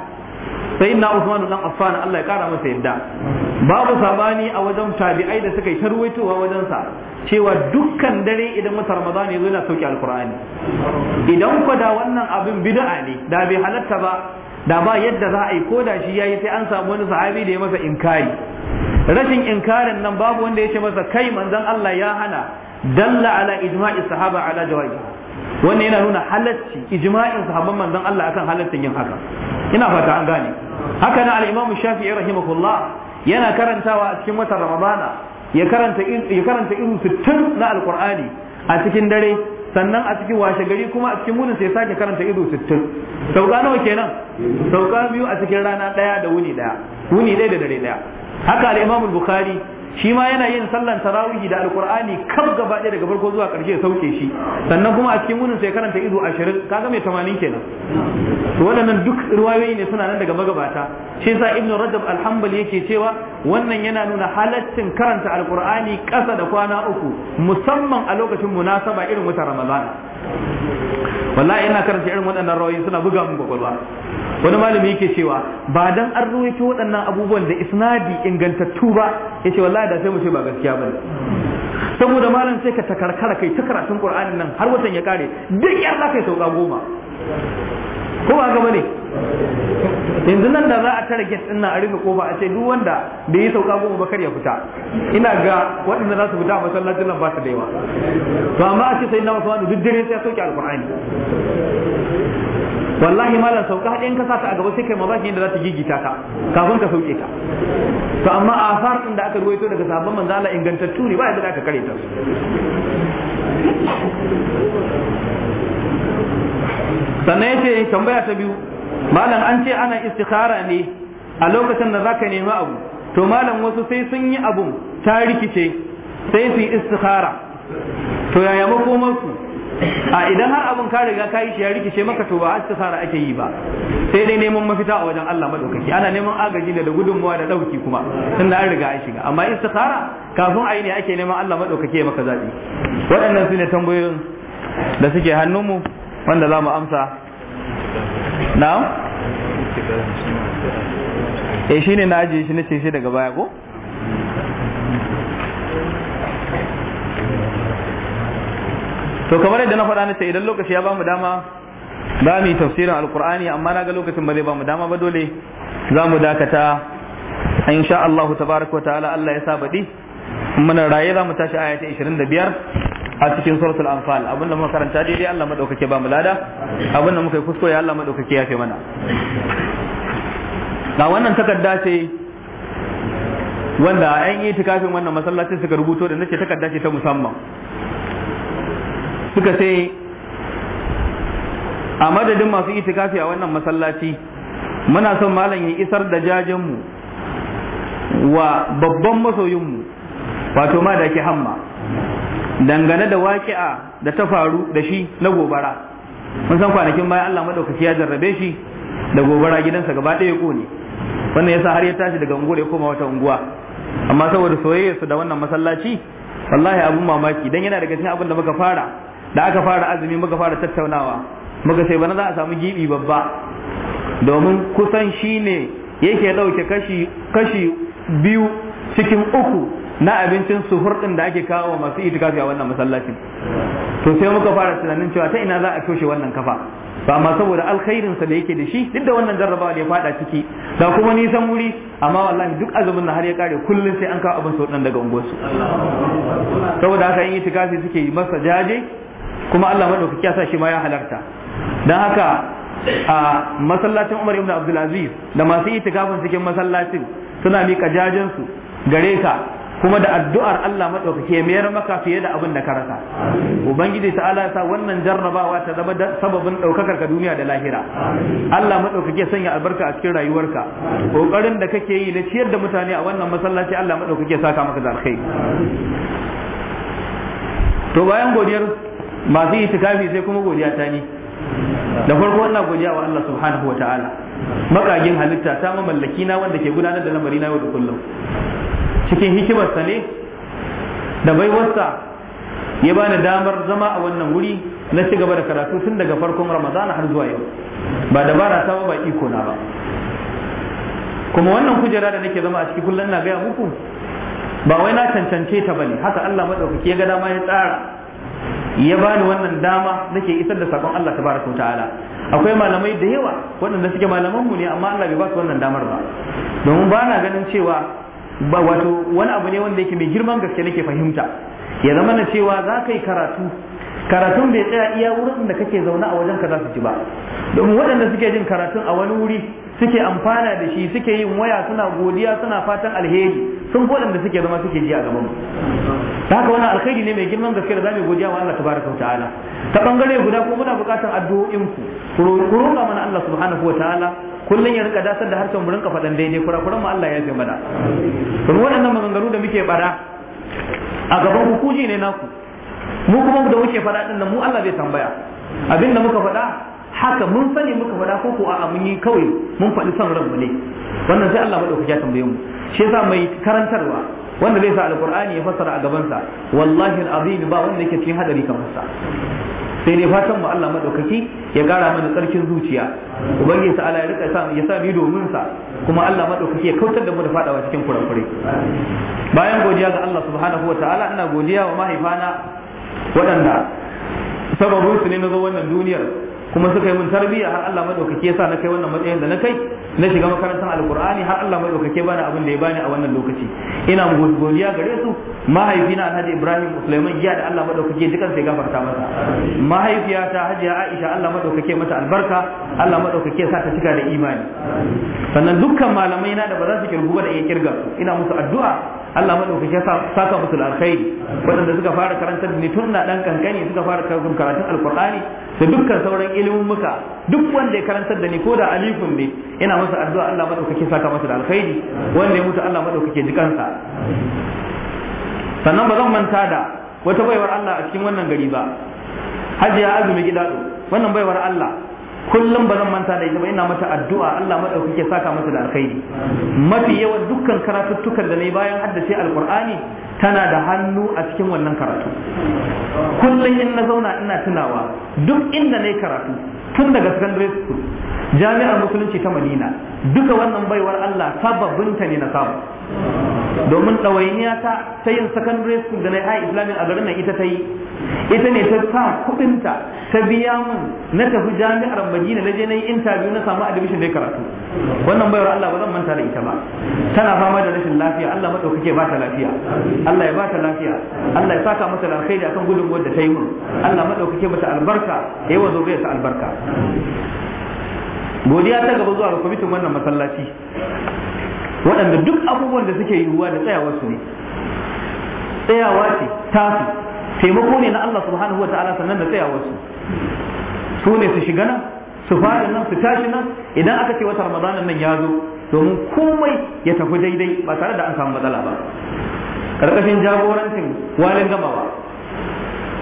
sai na Usman dan Affan Allah ya kara masa yadda babu sabani a wajen tabi'ai da suka yi tarwaitowa wajen sa cewa dukkan dare idan wata Ramadan ya zo yana sauki alkur'ani idan ko da wannan abin bid'a ne da bai halatta ba da ba yadda za a yi ko da shi yayi sai an samu wani sahabi da ya masa inkari rashin inkarin nan babu wanda ya ce masa kai manzon Allah ya hana dalla ala ijma'i sahaba ala jawabi wannan yana nuna halacci ijma'in sahabban manzon Allah akan halaccin yin haka ina fata an gane haka na al-Imam Shafi'i rahimahullah yana karantawa a cikin watan Ramadana ya karanta ya karanta irin 60 na Al-Qur'ani a cikin dare sannan a cikin washe gari kuma a cikin wunin sai sake karanta ido 60 sauka nawa kenan sauka biyu a cikin rana daya da wuni daya wuni daya da dare daya haka al-Imam Bukhari shi ma yana yin sallan tarawihi da alkur'ani kaf gaba ɗaya daga farko zuwa ƙarshe sauke shi sannan kuma a cikin wunin sai karanta izu ashirin kaga mai tamanin kenan to waɗannan duk ruwayoyi ne suna nan daga magabata shi yasa ibnu rajab alhambali yake cewa wannan yana nuna halaccin karanta alkur'ani ƙasa da kwana uku musamman a lokacin munasaba irin wata ramadana wallahi ina karanta irin waɗannan rawayi suna buga mun kwakwalwa wani malami yake cewa ba dan an ruwaito waɗannan abubuwan da isnadi ingantattu ba yace wallahi da sai mu ce ba gaskiya bane saboda malam sai ka takarkara kai ta karatun qur'anin nan har watan ya kare duk yar za kai sauka goma ko ba ga bane yanzu nan da za a tare gate din nan a rufe ba a ce duk wanda da yi sauka ko ba ya fita ina ga waɗanda za su fita a masallacin nan ba su da yawa to amma a ce sai na musamman duk dare sai ya sauke alkur'ani wallahi malam sauka in ka sata a gaba sai kai mamaki yadda za ta gigita ka kafin ka sauke ka to amma a din da aka ruwaito daga sahabban manzo Allah ingantattu ne ba yadda aka kare ta sannan yace tambaya ta biyu malam an ce ana istikhara ne a lokacin da zaka nemi abu to malam wasu sai sun yi abun ta rikice sai su yi istikhara to yaya makomarsu a idan har abun ka riga ka yi shi ya rikice maka to ba istikhara ake yi ba sai dai neman mafita a wajen Allah madaukaki ana neman agaji da da gudunmuwa da dauki kuma tunda an riga an shiga amma istikhara kafin a yi ne ake neman Allah madaukaki ya maka zabi waɗannan su ne tambayoyin da suke hannunmu wanda za mu amsa na'am Eh, shi ne na ajiye shi na cece daga baya ko to kamar yadda na faɗa na ce idan lokaci ya ba mu dama ba mu yi tafsirin alkur'ani amma na ga lokacin ba zai ba mu dama ba dole za mu dakata an sha Allah baraka wa ta'ala Allah ya sa baɗi muna raye za mu tashi ayata da 25 a cikin suratul anfal abinda muka karanta daidai Allah madaukake ba mu lada abinda muka yi ya Allah madaukake ya fi mana ga wannan takarda ce wanda an yi tukafin wannan masallacin suka rubuto da nake takarda ce ta musamman suka ce a madadin masu itikafi a wannan masallaci muna son malam ya isar da jajenmu wa babban masoyinmu wato ma da ke hamma dangane da waki'a da ta faru da shi na gobara mun san kwanakin bayan Allah madaukaki ya jarrabe shi da gobara gidansa gaba ɗaya kone wannan yasa har ya tashi daga unguwar ya koma wata unguwa amma saboda soyayya su da wannan masallaci wallahi abun mamaki dan yana daga cikin abin da muka fara da aka fara azumi muka fara tattaunawa muka sai bana za a samu gibi babba domin kusan shine yake ɗauke kashi kashi biyu cikin uku na abincin suhur din da ake kawo masu itikafi a wannan masallacin to sai muka fara tunanin cewa ta ina za a toshe wannan kafa ba ma saboda alkhairin sa da yake da shi duk da wannan jarrabawa da ya fada ciki da kuma nisan wuri amma wallahi duk azumin na har ya kare kullun sai an kawo abin sau daga unguwarsu saboda haka yin itikafi suke yi masa jaje kuma Allah madaukaki ya sa shi ma ya halarta dan haka a masallacin Umar ibn Abdul Aziz da masu itikafin cikin masallacin suna mika jajensu gare ka kuma da addu'ar Allah maɗaukake mayar maka fiye da abin da ka rasa ubangiji ta'ala ya sa wannan jarrabawa ta zama sababin ɗaukakar ka duniya da lahira Allah maɗaukake sanya albarka a cikin rayuwarka ƙoƙarin da kake yi na ciyar da mutane a wannan masallaci Allah maɗaukake saka maka da kai. to bayan godiyar masu tikafi sai kuma godiya ta ni da farko ina godiya wa Allah subhanahu wa ta'ala makagin halitta ta mamallaki na wanda ke gudanar da lamari na yau da kullum cikin hikimarsa ne da baiwarsa ya bani damar zama a wannan wuri na ci gaba da karatu tun daga farkon ramadana har zuwa yau ba dabara ta ba iko na ba kuma wannan kujera da nake zama a ciki kullum na gaya muku ba wai na cancance ta bane haka Allah madaukaki ya ga dama ya tsara ya bani wannan dama nake isar da sakon Allah tabaraka wa ta'ala akwai malamai da yawa waɗanda suke malaman mu ne amma Allah bai ba su wannan damar ba domin ba na ganin cewa ba wato wani abu ne wanda yake mai girman gaske nake fahimta ya zama na cewa za ka yi karatu karatun bai tsaya iya wurin da kake zaune a wajen ka za su ci ba domin waɗanda suke jin karatun a wani wuri suke amfana da shi suke yin waya suna godiya suna fatan alheri sun fi waɗanda suke zama suke ji a gaban ta haka wani alkhairi ne mai girman gaske da za mu godiya wa Allah tabaraka wa ta'ala ta bangare guda ko muna bukatar addu'o'in ku ku roƙa mana Allah subhanahu wa ta'ala kullun ya rika dasar da harshen mu rinka daidai kurakuran mu Allah ya yafe mana kuma waɗannan maganganu da muke fada a gaban hukuji ne naku mu kuma da muke fada din nan mu Allah zai tambaya abinda muka fada haka mun sani muka faɗa ko ko a mun yi kawai mun faɗi son ranmu ne wannan sai Allah dauki ya tambaye mu shi yasa mai karantarwa wanda zai sa alqur'ani ya fassara a sa wallahi alazim ba wanda yake cikin hadari kamar sa sai dai fatan mu Allah madaukaki ya gara mana tsarkin zuciya ubangiji ta Allah ya rika ya sa mu domin sa kuma Allah madaukaki ya kautar da mu da fadawa cikin kurakure bayan godiya ga Allah subhanahu wataala ina godiya wa mahaifana waɗanda sababu su ne na zo wannan duniyar kuma suka yi mun tarbiyya har Allah madaukaki ya sa na kai wannan matsayin da na kai na shiga makarantar alkur'ani har Allah dokake bani abin da ya bani a wannan lokaci ina godiya gare su mahaifina Alhaji Ibrahim Sulaiman giya da Allah madaukake dukan sai gafarta masa ta Hajiya Aisha Allah madaukake mata albarka Allah madaukake sa ta cika da imani sannan dukkan malamai na da ba za su kirgu ba da iya kirga ina musu addu'a Allah madaukake saka musu alkhairi waɗanda suka fara karantar da ni tun na dan kankani suka fara karatun alkur'ani da dukkan sauran ilimin muka duk wanda ya karantar da ni ko da alifun ne ina masa addu'a Allah madaukake saka masa da alkhairi wanda ya mutu Allah madaukake ji kansa sannan ba zan manta da wata baiwar Allah a cikin wannan gari ba hajiya azumi gidado wannan baiwar Allah kullum ba zan manta da ita ba ina mata addu'a Allah madaukake saka masa da alkhairi mafi yawan dukkan karatuttukan da ne bayan haddace alqur'ani tana da hannu a cikin wannan karatu kullum in na zauna ina tunawa duk inda ne karatu tun daga secondary school jami'ar musulunci ta madina duka wannan baiwar allah sababinta ne na samu domin ɗawainiya ta ta yin secondary school da na yi islamin a garin nan ita ta yi ita ne ta sa kuɗinta ta biya mun na tafi jami'ar madina na je na yi interview na samu admission da karatu wannan bayar Allah ba zan manta da ita ba tana fama da rashin lafiya Allah madaukake ba ta lafiya Allah ya ba ta lafiya Allah ya saka mata alkhairi akan gudun da ta yi mun Allah ma madaukake mata albarka ya yi wa ta albarka godiya ta gaba zuwa ga kwamitin wannan masallaci waɗanda duk abubuwan da suke yiwuwa da tsayawar ne tsayawa ce tasu taimako ne na Allah subhanahu wa ta'ala sannan da tsayawarsu. su su ne su shiga nan su fara nan su tashi nan idan aka ce wata ramadana nan ya zo domin komai ya tafi daidai ba tare da an samu matsala ba karkashin jagorancin walin gamawa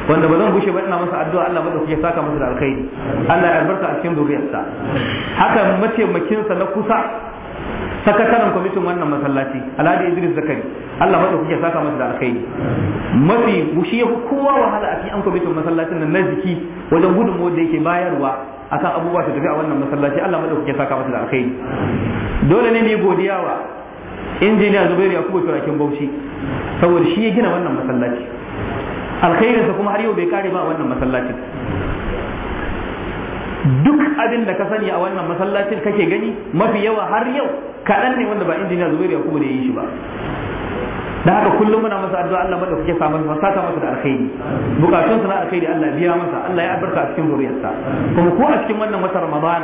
wanda ba zan bushe ba ina masa addu'a Allah ba ya saka masa da alkhairi Allah ya albarka a cikin zuriyarsa haka mace makinsa na kusa sakataren kwamitin wannan masallaci alhaji idris zakari allah mata kuke saka masa da alkhairi mafi shi ya kowa wahala a cikin kwamitin masallacin nan na jiki wajen gudunmawar da yake bayarwa akan abubuwa su tafi a wannan masallaci allah mata kuke saka masa da alkhairi dole ne ne godiya wa injiniya zubairu ya kuma turakin bauchi saboda shi ya gina wannan masallaci alkhairinsa kuma har yau bai kare ba a wannan masallacin duk abin da ka sani a wannan masallacin kake gani mafi yawa har yau kaɗan ne wanda ba injiniya zubairu ya ne ya yi shi ba da haka kullum muna masa addu'a Allah mada kuke samu masa sata masa da alkhairi bukatun sa na alkhairi Allah biya masa Allah ya albarka a cikin zuriyarsa kuma ko a cikin wannan watan Ramadan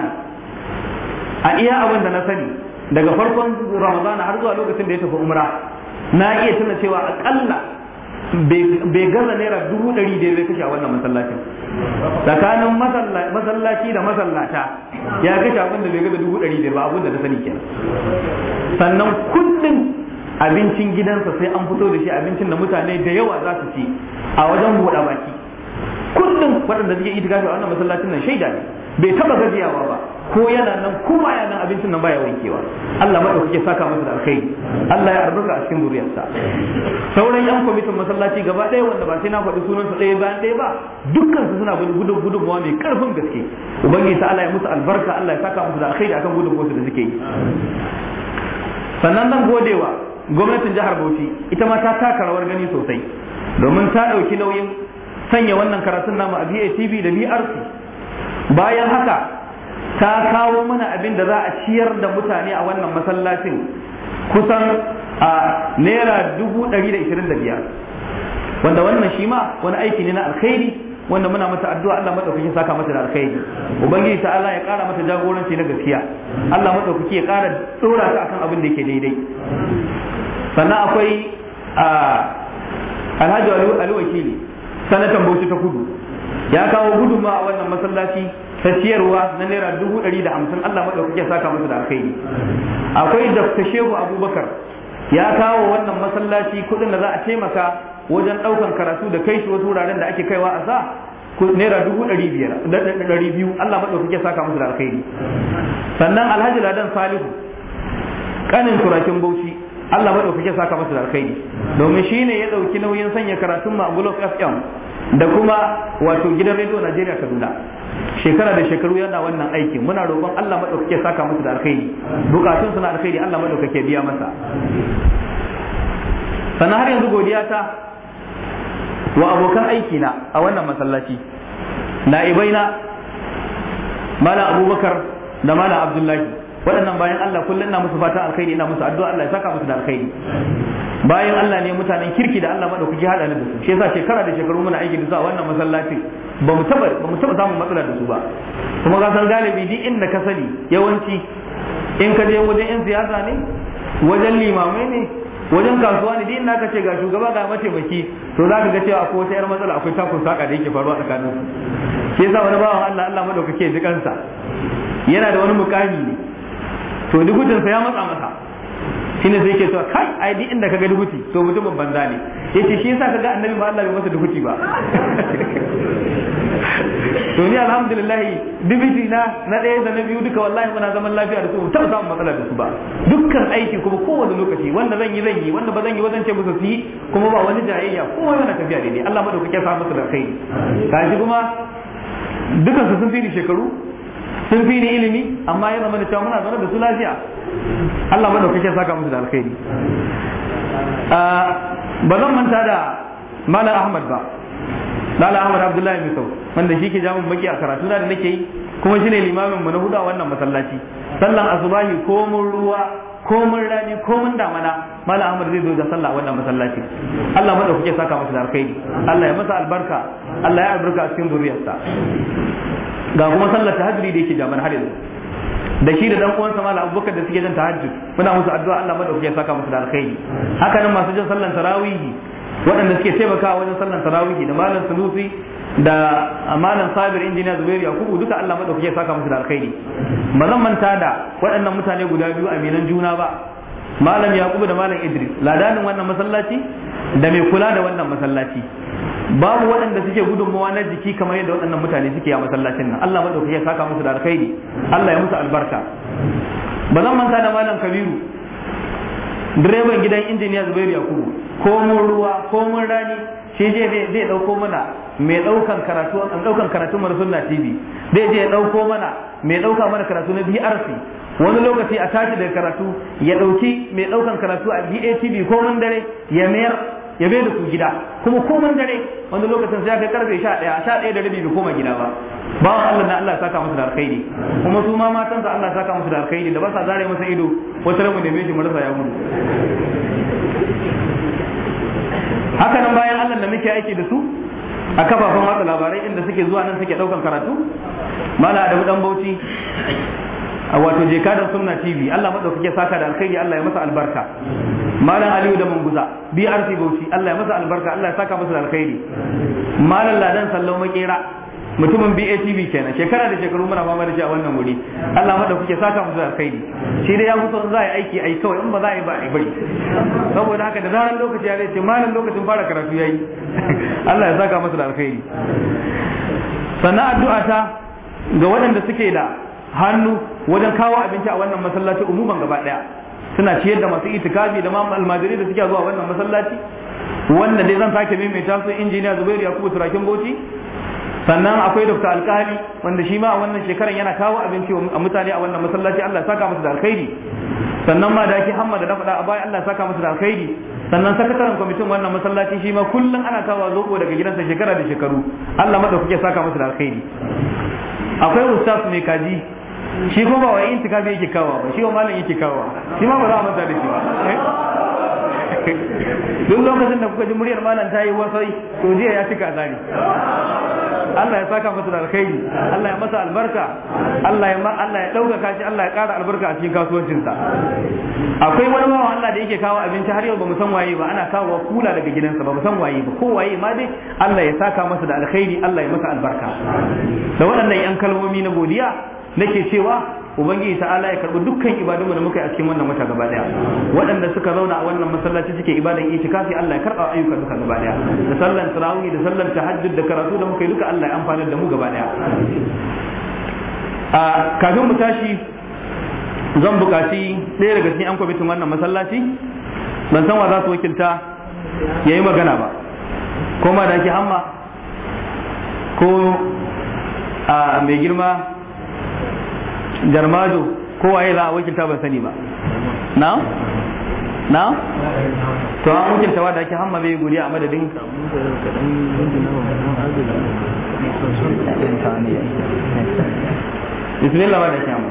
a iya abin da na sani daga farkon Ramadana har zuwa lokacin da ya tafi umra na iya tuna cewa akalla bai gaza naira dubu ɗari da ya kashe a wannan masallacin tsakanin masallaci da masallata ya kashe abin da bai gaza dubu ɗari da ba abin da ta sani kenan sannan kullum abincin gidansa sai an fito da shi abincin da mutane da yawa za su ci a wajen buɗa baki kullum waɗanda suke itikafi a wannan masallacin nan shaida ne bai taɓa gajiyawa ba ko yana nan ko ba yana nan abincin nan baya wankewa Allah ma dauke saka masa da alkhairi Allah ya arzuka a cikin zuriyarsa sauran yan kwamitin masallaci gaba ɗaya wanda ba sai na faɗi sunansa ɗaya ba ɗaya ba dukkan su suna gudu gudunmuwa mai karfin gaske ubangiji Allah ya musu albarka Allah ya saka musu da alkhairi akan gudu da suke yi sannan nan godewa gwamnatin jihar Bauchi ita ma ta taka rawar gani sosai domin ta ɗauki nauyin sanya wannan karatun namu a BATV da BRC bayan haka Ta kawo mana abin da za a ciyar da mutane a wannan masallacin kusan a naira dubu ɗari da ishirin da biyar wanda wannan shi ma wani aiki ne na alkhairi wanda muna mata addu'a Allah madaukakin saka mata da alkhairi ubangiji ta Allah ya kara mata jagoranci na gaskiya Allah madaukaki ya kara tsora ta akan abin da yake daidai sannan akwai Alhaji Ali Wakili sanatan Bauchi ta Kudu ya kawo guduma a wannan masallaci ta ciyarwa na naira dubu ɗari da hamsin Allah maɗaukaki ya saka musu da alkhairi akwai ta shehu abubakar ya kawo wannan masallaci kuɗin da za a taimaka wajen ɗaukan karatu da kai shi wasu wuraren da ake kaiwa a sa naira dubu ɗari biyar ɗari biyu Allah maɗaukaki ya saka musu da alkhairi sannan alhaji ladan salihu kanin turakin bauchi Allah maɗaukaki ya saka masa da alkhairi domin shi ne ya ɗauki nauyin sanya karatun ma a FM da kuma wato gidan rediyo Najeriya Kaduna shekara da shekaru yana wannan aikin muna roƙon Allah madaukake saka musu da alkhairi bukatun suna alkhairi Allah madaukake biya masa sannan har yanzu godiya ta wa abokan aiki na a wannan masallaci na na mala abubakar da mala abdullahi waɗannan bayan Allah kullum na musu fatan alkhairi ina musu addu'a Allah ya saka musu da alkhairi bayan Allah ne mutanen kirki da Allah madaukaki hada ni da su shi yasa shekara da shekaru muna aiki da su a wannan masallacin ba mu taba ba mu taba samun matsala da su ba kuma ka san galibi duk inda ka sani yawanci in ka je wajen yan siyasa ne wajen limamai ne wajen kasuwa ne duk inda ka ce ga shugaba ga mataimaki to za ka ga cewa akwai wata yar matsala akwai takun saka da yake faruwa tsakanin su shi yasa wani bawan Allah Allah madauki ji kansa yana da wani mukami ne to duk sa ya matsa masa ne sai ke cewa kai ai duk inda kaga duhuci to mutumin banza ne yace shi yasa kaga annabi ba Allah bai masa duhuci ba *laughs* to ni alhamdulillah dibiti na na ɗaya da na biyu duka wallahi muna zaman lafiya da su ba samu matsala da su ba dukkan aiki kuma kowane lokaci wanda zan yi zan yi wanda ba zan yi ba zan ce musu su yi kuma ba wani jayayya wani yana tafiya daidai Allah madaukake ya sa masa da kai kaji kuma dukansu sun fi shekaru sun fi ni ilimi amma ya zama da cewa muna zaune da su lafiya Allah dauke saka musu da alkhairi ba zan manta da Malam Ahmad ba Malam Ahmad Abdullahi Misau wanda shi ke jami'in baki a karatu da nake yi kuma shine limamin mu na huda wannan masallaci sallan asubahi ko mun ruwa ko mun rani ko mun damana malam ahmad zai zo da sallah wannan masallaci Allah mada dauke saka masa da alkhairi Allah ya masa albarka Allah ya albarka cikin zuriyarsa ga kuma sallar tahajjudi da yake jaman har yanzu da shi da dan uwansa malam abubakar da suke jin tahajjud muna musu addu'a Allah madaukake ya saka musu da alkhairi haka nan masu jan sallar tarawih waɗanda suke taimakawa wajen sallar tarawih da malam sulusi da malam sabir injiniya zubairu yakubu duka Allah madaukake ya saka musu da alkhairi ba zan manta da waɗannan mutane guda biyu aminan juna ba malam yakubu da malam idris ladanin wannan masallaci da mai kula da wannan masallaci babu waɗanda suke gudunmawa na jiki kamar yadda waɗannan mutane suke a masallacin nan Allah madauki ya saka musu da alkhairi Allah ya musu albarka ba zan manta da malam Kabiru direban gidan injiniya Zubairu Yakubu ko mun ruwa ko mun rani shi je zai dauko mana mai daukan karatu an daukan karatu sunna TV zai je ya dauko mana mai dauka mana karatu na BRC wani lokaci a tashi daga karatu ya dauki mai daukan karatu a BATV ko mun dare ya mayar ya bai da su gida kuma komai dare wani lokacin sai kai karfe sha ɗaya da rabi bai koma gida ba ba wa Allah na Allah ya saka musu da alkhairi kuma su ma matan da Allah saka musu da alkhairi da ba sa zare masa ido wata ramu ne mu marasa ya mutu haka nan bayan Allah da muke aiki da su a kafafen watsa labarai inda suke zuwa nan suke daukan karatu mala da dan bauchi wato je kadan sunna tv Allah madaukake saka da alkhairi Allah ya masa albarka malam aliyu da Munguza brc bauchi Allah ya masa albarka Allah ya saka masa da alkhairi malam ladan sallau makera mutumin BATV kenan shekara da shekaru muna fama da shi a wannan wuri Allah mada kuke saka da alkhairi shi dai ya kusa za a yi aiki ai kawai in ba za a yi ba a bari saboda haka da zaran lokaci ya ce malam lokacin fara karatu yayi *laughs* Allah ya saka masa da alkhairi sannan addu'a ta ga waɗanda suke da hannu wajen kawo abinci a wannan masallaci umuman gaba daya suna ciyar da masu itikafi da mamu almajiri da suke zuwa wannan masallaci wanda dai zan sake ta su injiniya zubairu yakubu turakin goci sannan akwai dr alkali wanda shi ma a wannan shekaran yana kawo abinci a mutane a wannan masallaci allah saka masa da alkhairi sannan ma da ake hamma da na a baya allah saka masa da alkhairi sannan sakataren kwamitin wannan masallaci shi ma kullum ana kawo zoko daga gidansa shekara da shekaru allah maɗaukake saka masa da alkhairi akwai ustaz mai kaji shi ko ba yin tikafi yake kawo ba shi wa malin yake kawo shi ma ba za a manta da shi ba eh? duk lokacin da kuka ji muryar malam ta yi wasai to jiya ya cika azari Allah ya saka masa da alkhairi Allah ya masa albarka Allah ya Allah ya dauka kashi Allah ya ƙara albarka a cikin sa akwai wani bawan Allah da yake kawo abinci har yau ba mu san waye ba ana kawo kula daga gidansa ba mu san waye ba ko waye ma dai Allah ya saka masa da alkhairi Allah ya masa albarka da waɗannan yan kalmomi na godiya nake cewa ubangiji ta'ala ya karbi dukkan ibadunmu da muka yi a cikin wannan wata gaba daya waɗanda suka zauna a wannan masallaci suke ibadan itikafi Allah ya karba ayyuka duka gaba daya da sallan tarawih da sallan tahajjud da karatu da muka yi duka Allah ya amfana da mu gaba daya a kafin mu tashi zan bukaci ɗaya daga cikin an kwamitin wannan masallaci ban san wa za su wakilta ya yi magana ba ko ma da ke hamma ko a mai girma garmajo ko waye za a wakilta ban sani ba na na to an wakilta wa da ake hamma bai guri a madadin bismillah ba da ke amma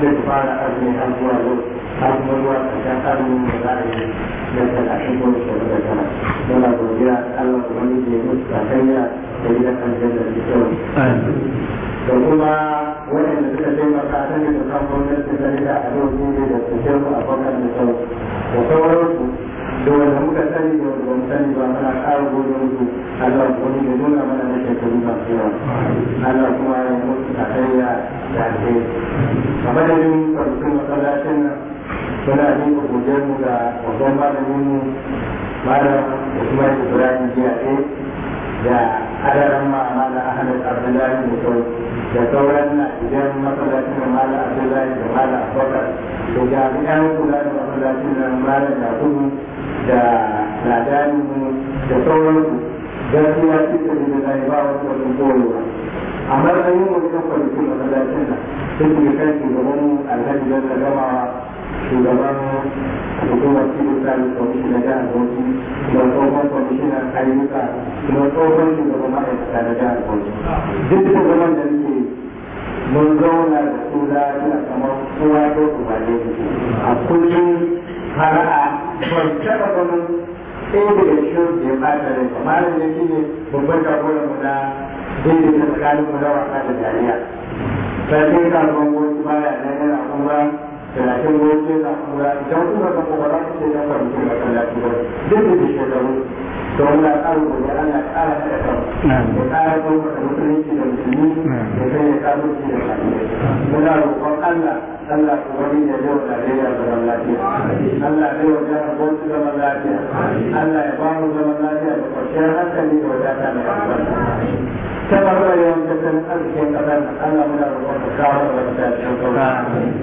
zai fara azumi har zuwa yau har kuma zuwa ƙarshen azumin da za a yi da talatin ko da shekaru da tara yana godiya Allah kuma ni ke musu sakanya da gidan kanjan da ke kyau da kuma waɗanda suka taimaka ta ne da kan gwamnati ta rika a yau ne da su taimaka a bakar da kyau da sauransu da wanda muka sani da wanda mu sani ba muna ƙara gode musu Allah wani da nuna mana da shekaru masu yawa Allah kuma ya mutu a kariya da ake a madadin farkon masallacin nan muna jin kujermu da babban malamin mu malam Usman Ibrahim Jiyaɗe da hadarin mama na ahmad abdullahi mutum da sauran na idan masallacin da mala abdullahi da mala abubakar da jami'an kula da masallacin da mala da kudu da ladani da sauran gaskiya cikin da zai ba wasu wasu korewa amma da yi mu cikin kwalitin masallacin nan sun yi kan shugaban alhaji da gamawa shugaban hukumar civil service commission na jihar bauchi da tsohon kwamishinan ayyuka da tsohon shugaban ma'aikata na jihar bauchi duk shugaban da nake mun zauna da su lafiya kamar kowa ko kuma ne a kullum fara'a ban taɓa ganin ɗaya daga cikin da ya ɓata ne ba malam ne shi ne babban jagoran mu na daidaita tsakanin mu na wasa da jariya. Sarkin kasuwan wasu baya na yana kuma talatin ne na kura idan kuma ka kuma za ka ce na kwanci na talatin duk da shi shekaru to wannan tsarin gobe ana ƙara da kan da ƙara ɗaukar da musulunci da musulmi da kan ya ƙaro shi da kwanci muna roƙon Allah Allah ku wani da yau da zaman lafiya Allah zai wa jihar zaman lafiya Allah ya ba mu zaman lafiya da kwanciyar hankali da wadata mai albarka تبرع يوم تسن أرشي قبل أنا من الرسول كامل ومتاج شرطنا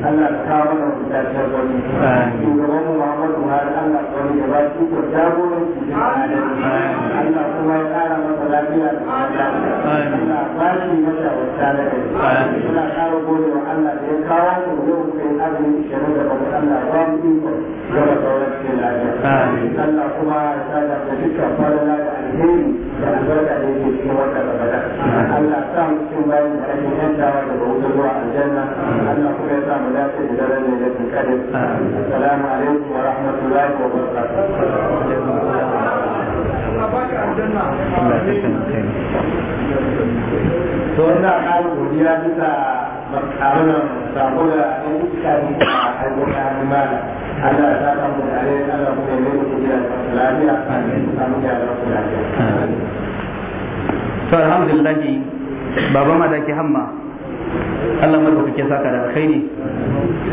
أنا كامل ومتاج شرطنا يقوم محمد وهذا أنا قولي جبال كيف وجابوا أنا قوة أنا مطلبية أنا قاشي متى وسالك أنا قالوا قولي وأنا بيكاوان ويوم في أبني الشرطة وأنا رامي ولا قولك في العجل أنا قوة أنا تشكى فلا لا الهيم da albarka Allah sa mu cikin bayan da ake yantawa daga wuta zuwa aljanna Allah kuma ya sa mu dace da daren da ya fi kadin assalamu alaikum wa rahmatullahi wa barakatuh to ina ƙara godiya bisa abinan da ɗan iska ne a albuka Allah ya saka mu da Allah mu mai mutu da lafiya mu da lafiya. To alhamdulillah baba madaki hamma Allah saka da alkhairi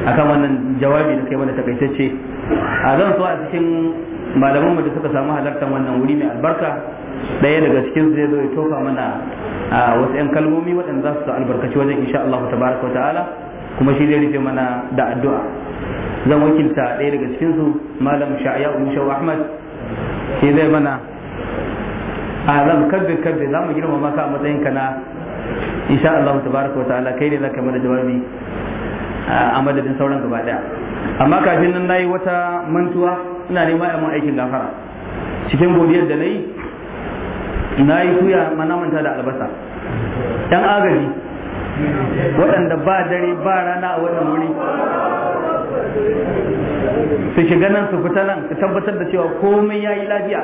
akan wannan jawabi da kai mana takaitacce a zan so a cikin malaman da suka samu halartar wannan wuri mai albarka daya daga cikin zai zo ya tofa mana a wasu yan kalmomi waɗanda za su albarkaci wajen insha Allah tabaraka wa ta'ala kuma shi zai rufe mana da addu'a zan wakilta daya daga cikin su malam umu shawu Ahmad shi zai mana a zan kabbe kabbe za mu girma maka a matsayin ka na insha Allah tabaraka wa ta'ala kai ne za zaka mana jawabi a madadin sauran gaba daya amma kafin nan yi wata mantuwa ina neman a aikin gafara cikin godiyar da na yi na yi tuya manamanta da albasa yan agaji waɗanda ba dare ba rana a wannan wuri su shiga nan su fita nan su tabbatar da cewa komai ya yi lafiya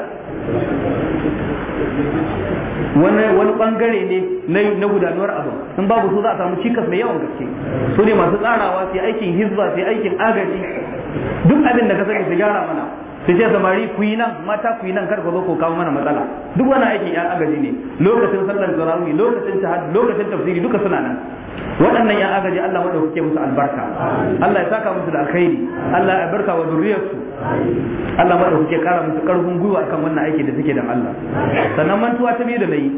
wani bangare ne na gudanuwar abu in babu su za a samu cikas mai yawan gaske su ne masu tsarawa sai aikin hizba sai aikin agaji duk abin da ka sani su gyara mana su ce samari ku yi nan mata ku yi nan kar ka zo ku kawo mana matsala duk wani aikin yan agaji ne lokacin sallar tarawih lokacin lokacin tafsiri duka suna nan waɗannan yan agaji Allah madaukake musu albarka Allah ya saka musu da alkhairi Allah ya barka wa zuriyarsu Allah madaukake kara musu karfin gwiwa akan wannan aiki da suke da Allah sannan mantuwa ta biyu da nayi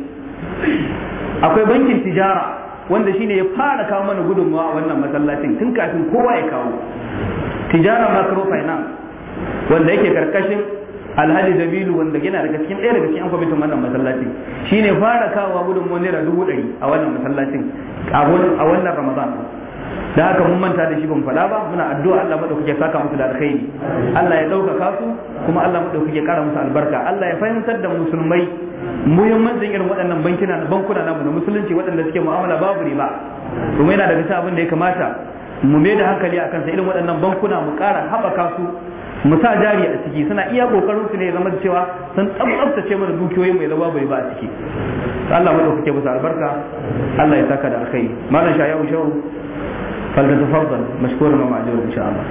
akwai bankin tijara wanda shine ya fara kawo mana gudunmawa a wannan masallacin tun kafin kowa ya kawo tijara microfinance wanda yake karkashin alhaji jabilu wanda yana daga cikin ɗaya daga cikin kwamitin wannan masallacin shine fara kawo gudunmawa naira dubu ɗari a wannan masallacin a wannan ramadan da haka mun manta da shi ban faɗa ba muna addu'a Allah dauke saka musu da alkhairi Allah ya ɗaukaka kasu kuma Allah dauke kara musu albarka Allah ya fahimtar da musulmai muhimmancin irin waɗannan bankina na bankuna namu na musulunci waɗanda suke mu'amala babu riba kuma yana daga cikin abin da ya kamata mu mai da hankali akan kansa irin waɗannan bankuna mu kara haɓaka su mu sa jari a ciki suna iya kokarin su ne zama da cewa sun tsabtace mana dukiyoyin mai zama bai ba a ciki Allah ɗaukake musu albarka Allah ya saka da alkhairi malam shayawu shawu فلتتفضل مشكورا ومأجورا إن شاء الله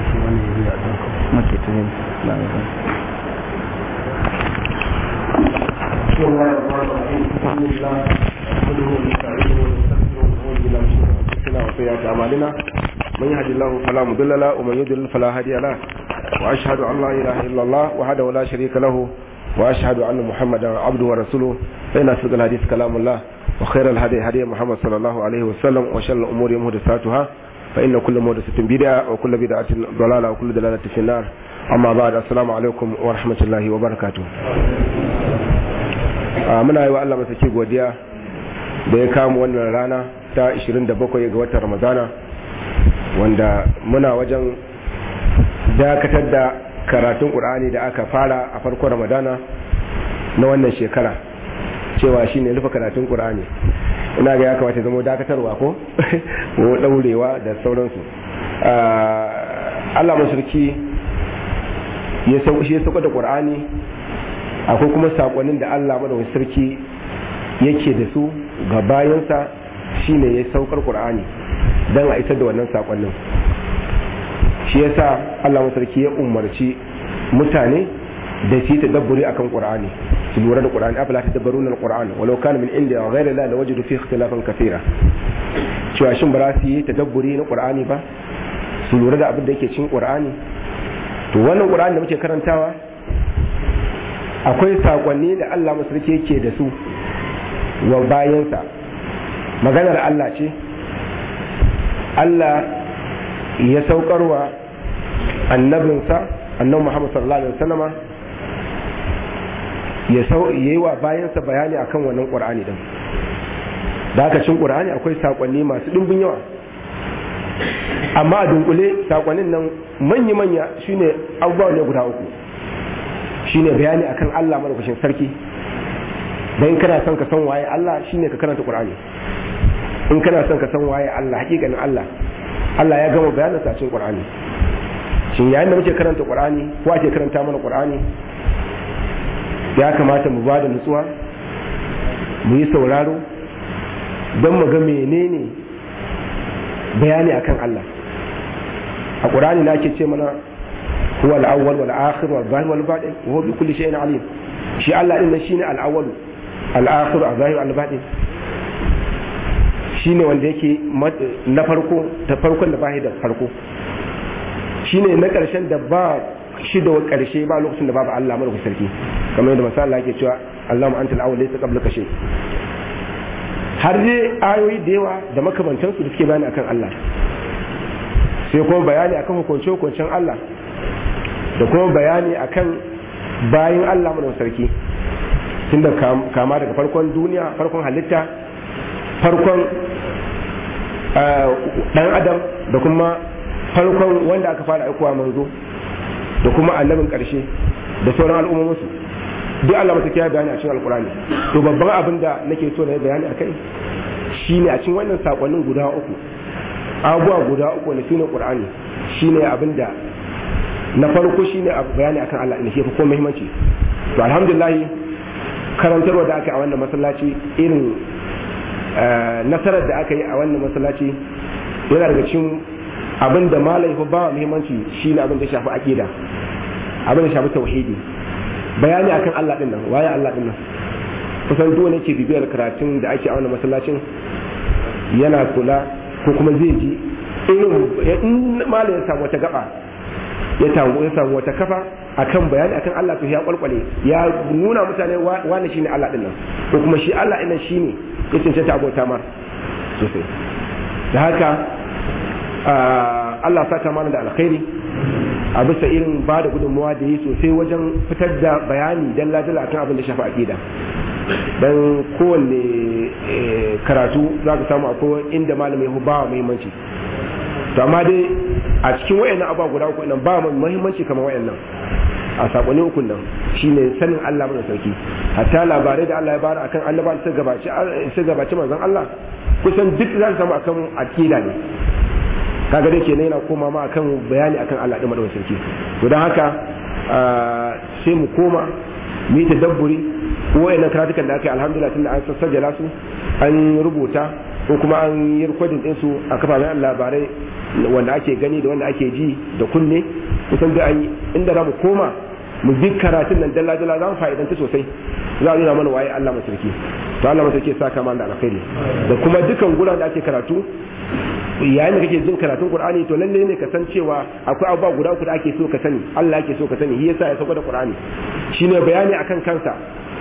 بسم الله الرحمن الرحيم الحمد لله ونستعينه ونستغفره ونعوذ بالله من اعمالنا من يهد الله فلا مضل له ومن يضلل فلا هادي له وأشهد أن لا إله إلا الله وحده لا شريك له وأشهد أن محمدا عبده ورسوله فإن أصدق الحديث كلام الله وخير الهدي هدي محمد صلى الله عليه وسلم وشر الأمور محدثاتها فإن كل محدثة بدعة وكل بدعة ضلالة وكل ضلالة في النار أما بعد السلام عليكم ورحمة الله وبركاته muna yi wa Allah masaki godiya da ya kama wannan rana ta 27 ga watan Ramadana wanda muna wajen dakatar da karatun ƙur'ani da aka fara a farko ramadana na wannan shekara cewa shi ne rufe karatun ƙur'ani ina ga ya kamata zama dakatarwa ko ɗaurewa *laughs* da sauransu ah, allah masurki ya saukar da ƙur'ani akwai kuma saƙonin da allah madawar sarki yake da su ga bayansa shi ne ya saukar ƙur'ani don a isar da wannan saƙonin shi yasa Allah sarki ya umarci mutane da su ta dabburi akan Qur'ani su lura da Qur'ani afala ta dabbaru na quran walau kana min inda da la lawajadu fi ikhtilafan kathira cewa shin ba su yi ta dabburi na Qur'ani ba su lura da abin da yake cikin Qur'ani to wannan Qur'ani da muke karantawa akwai sakonni da Allah masarki yake da su wa bayansa maganar Allah ce Allah ya saukarwa annabinsa annabi Muhammad sallallahu alaihi wasallama ya sau yayi wa bayansa bayani akan wannan Qur'ani din da aka cin Qur'ani akwai sakonni masu dimbin yawa amma a dunkule sakonnin nan manya manya shine abubuwa ne guda uku shine bayani akan Allah madaukakin sarki dan kana son ka san waye Allah shine ka karanta Qur'ani in kana son ka san waye Allah hakikanin Allah Allah ya gama bayanin sa cikin Qur'ani shin yayin da muke karanta qur'ani ko ake karanta mana qur'ani ya kamata mu bada nutsuwa mu yi sauraro don mu ga menene bayani akan Allah a qur'ani na ke ce mana huwa al-awwal wal akhir wal zahir wal batin wa huwa bi kulli shay'in alim shi Allah din shine al-awwal al akhir wal zahir wal batin shine wanda yake na farko ta farkon da bai da farko Shi ne na ƙarshen da ba shi da ƙarshe ba lokacin da babu Allah madaukaki sarki kamar yadda allah ake cewa Allahumma antal awwal laysa qablaka kashe. har dai ayoyi da yawa da makamantansu da suke bayani akan Allah sai kuma bayani akan hukunce-hukuncen Allah da kuma bayani akan bayin Allah mu sarki tun da kama daga farkon duniya farkon halitta farkon ɗan eh, adam da kuma farkon wanda aka fara aikowa manzo da kuma annabin karshe da sauran al'ummomin duk Allah mata kiyaye bayani a cikin alkurani to babban abin da nake so na bayani akai shine a cikin wannan sakonnin guda uku abubuwa guda uku ne sunan shi shine abin da na farko shine bayani akan Allah ne shi ko muhimmanci to alhamdulillah karantarwa da aka yi a wannan masallaci irin eh, nasarar da aka yi a wannan masallaci yana daga cikin abin da malai fa ba muhimmanci shi ne abin da shafi aƙida, abin da shafi tauhidi bayani akan Allah din nan waye Allah din nan kusan duk wani ke bibiyar karatun da ake a wannan masallacin yana kula ko kuma zai ji in malai ya samu wata gaba ya tango ya samu wata kafa akan bayani akan Allah to ya kwalkwale ya nuna mutane wani shine Allah din nan ko kuma shi Allah din nan shine ya cancanta abota mar sosai da haka Ah, Allah saka mana da alkhairi a bisa irin ba da gudunmuwa da yi sosai wajen fitar da bayani don lajala akan abin da shafi aƙida don kowanne eh, karatu za ka samu akwai inda malamai ya ba muhimmanci to amma dai a cikin wayannan abuwa guda uku nan ba muhimmanci kamar wayannan a sakonni ukun nan shine sanin Allah mana sarki hatta labarai da Allah ya bada akan annabawa su gabaci su gabaci manzon Allah kusan duk za su samu akan akida ne kaga dai kenan yana koma ma akan bayani akan Allah da madawan sarki to dan haka sai mu koma mu ta dabburi wayannan karatukan da aka yi alhamdulillah tunda an sassajala su an rubuta ko kuma an yi din ɗinsu a kafafen labarai wanda ake gani da wanda ake ji da kunne kusan da an yi inda za mu koma mu bi karatun nan dalla dalla za mu fa'idanta sosai za a nuna mana waye Allah masarki to Allah masarki sa kama da alkhairi da kuma dukan guran da ake karatu yayin da kake jin karatun Qur'ani to lalle ne ka san cewa akwai abubuwa guda uku da ake so ka sani Allah yake so ka sani shi yasa ya saba da Qur'ani shine bayani akan kansa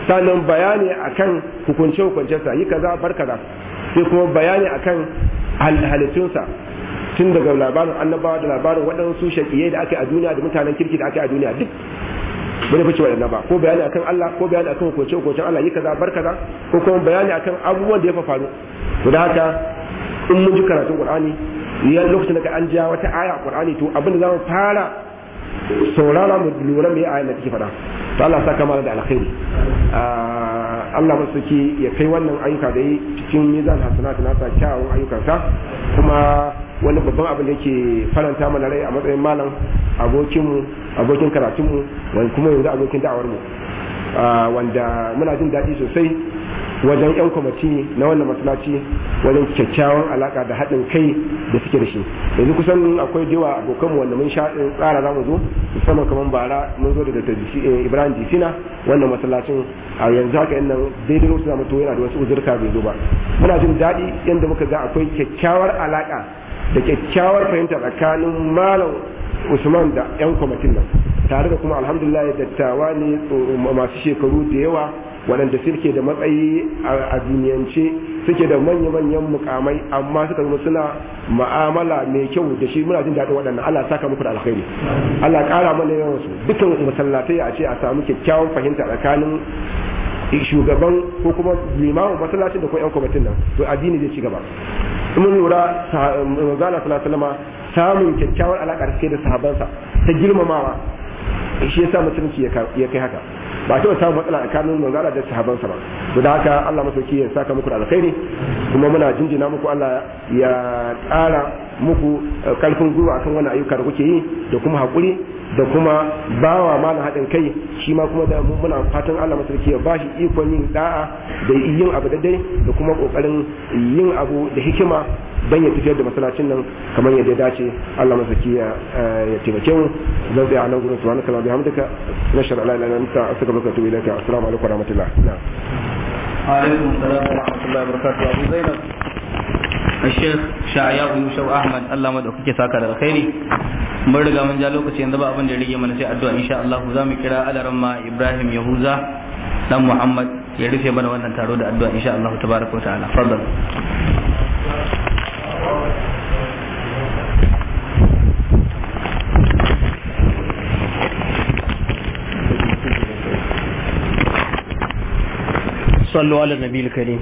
sannan bayani akan hukunce hukuncensa yi kaza bar kaza sai kuma bayani akan sa tun daga labarin annabawa da labarin waɗansu shaƙiye da ake a duniya da mutanen kirki da ake a duniya duk bai fice waɗanda ba ko bayani akan Allah ko bayani akan hukunce hukuncen Allah yi kaza bar kaza ko kuma bayani akan abubuwan da ya faru to da haka in mun ji karatun qur'ani ya lokacin da an ja wata aya a qur'ani to abin da mu fara saurara mu lura me ayan da take faɗa to Allah saka mana da alkhairi ah, Allah masauki ya kai wannan ayyuka da yi cikin mizan hasanat nasa kyawun ayyukansa kuma wani babban abin da yake faranta mana rai a matsayin malam abokinmu abokin karatunmu wani kuma yanzu abokin da'awarmu ah, wanda muna jin daɗi sosai wajen yan kwamiti na wannan masallaci wajen kyakkyawan alaka da haɗin kai da suke da shi yanzu kusan akwai jewa abokanmu wanda mun sha eh, tsara za mu zo musamman kamar bara mun zo daga eh, ibrahim disina wannan masallacin a yanzu haka yan nan daidai wasu yana da wasu uzurka bai zo ba muna jin daɗi yadda muka ga akwai kyakkyawar alaka da kyakkyawar fahimta tsakanin malam usman da yan kwamitin nan tare da kuma alhamdulillah dattawa ne eh, masu shekaru da yawa waɗanda suke da matsayi a duniyance suke da manya-manyan mukamai amma suka zama suna ma'amala mai kyau da shi muna jin daɗin waɗannan Allah saka muku da alkhairi Allah ƙara mana yawan su dukkan masallatai a ce a samu kyakkyawan fahimta tsakanin shugaban ko kuma limamin masallacin da kuma yan kwamitin nan to addini zai ci gaba mun lura manzala sallallahu salama samun kyakkyawar alaƙa da da sahabansa ta girmamawa shi yasa mutum ya kai haka ba ta samu matsala a kanun Allah da sahabbansa ba to da haka Allah masauki ya saka muku da alkhairi kuma muna jinjina muku Allah ya ƙara muku karfin eh, zuwa akan wannan ayyuka da kuke yi da kuma hakuri da kuma bawa ma na haɗin kai shi ma kuma da muna fatan Allah masarki ya ba shi ikon yin da'a da yin abu daidai da kuma ƙoƙarin yin abu da hikima don ya tafiyar da masallacin nan kamar yadda ya dace Allah masarki eh, ya taimake mu zan tsaya a nan gurin subhanaka kala bihamdika nashar ala ilaha illa anta astaghfiruka wa atubu ilaika assalamu alaikum wa rahmatullah wa alaikum assalam wa rahmatullahi wa barakatuh abu zainab الشيخ شعياء يوسف احمد الله مدوكake saka da alkhairi mun riga mun ja lokaci yanzu ba abin da rige mana sai adu'a insha Allah za mu kira alaran ma Ibrahim Yahuza dan Muhammad ya rufe mana wannan taro da addu'a insha Allah tabaraka wa ta'ala صلوا على النبي الكريم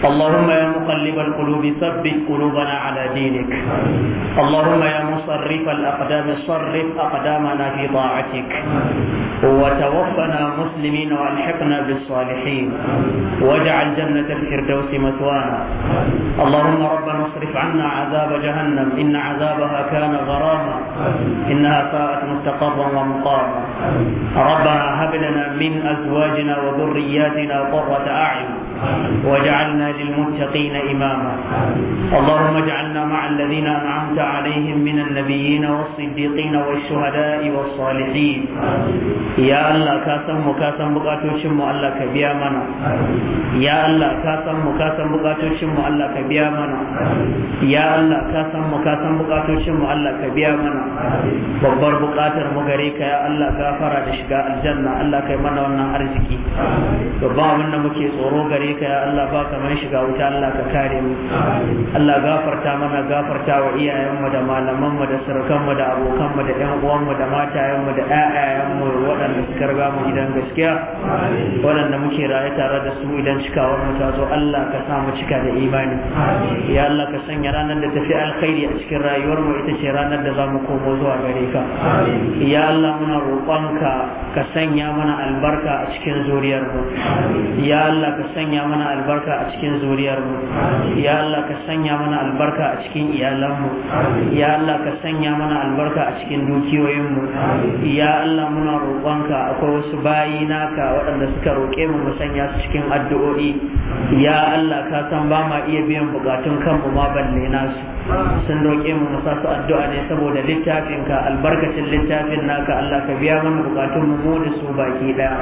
اللهم يا مقلب القلوب ثبت قلوبنا على دينك اللهم يا مصرف الأقدام صرف أقدامنا في طاعتك وتوفنا مسلمين وألحقنا بالصالحين واجعل جنة الفردوس مثوانا اللهم ربنا اصرف عنا عذاب جهنم إن عذابها كان غراما إنها ساءت مستقرا ومقاما ربنا هب لنا من أزواجنا وذرياتنا قرة أعين واجعلنا للمتقين إماما اللهم اجعلنا مع الذين أنعمت عليهم من النبيين والصديقين والشهداء والصالحين يا الله كاسم مكاسم بقاتو شم الله كبيا منا يا الله كاسم مكاسم بقاتو شم الله كبيا منا يا الله كاسم مكاسم بقاتو شم الله كبيا منا babbar buƙatar mu gare ka ya Allah gafara da shiga aljanna Allah kai mana wannan arziki babban abin da muke tsoro gare gare ka ya Allah ba kamar shiga wuta Allah ka kare mu Allah gafarta mana gafarta wa iyayenmu da malamanmu da surukanmu da abokanmu da ƴan uwanmu da matayenmu da ƴaƴayenmu waɗanda suka riga mu gidan gaskiya waɗanda muke raye tare da su idan cikawar mu ta zo Allah ka sa mu cika da imani ya Allah ka sanya ranar da tafi alkhairi a cikin rayuwar mu ita ce ranar da za mu komo zuwa gare ka ya Allah muna roƙonka ka sanya mana albarka a cikin zuriyar mu ya Allah ka sanya sanya mana albarka a cikin zuriyarmu ya Allah ka sanya mana albarka a cikin iyalanmu ya Allah ka sanya mana albarka a cikin dukiyoyinmu ya Allah muna roƙonka akwai wasu bayi naka waɗanda suka roƙe mu mu sanya su cikin addu'o'i ya Allah ka san ba ma iya biyan bukatun kanmu ma balle nasu sun roƙe mu mu sa su addu'a ne saboda littafin ka albarkacin littafin naka Allah ka biya mana bukatun mu mu da su baki ɗaya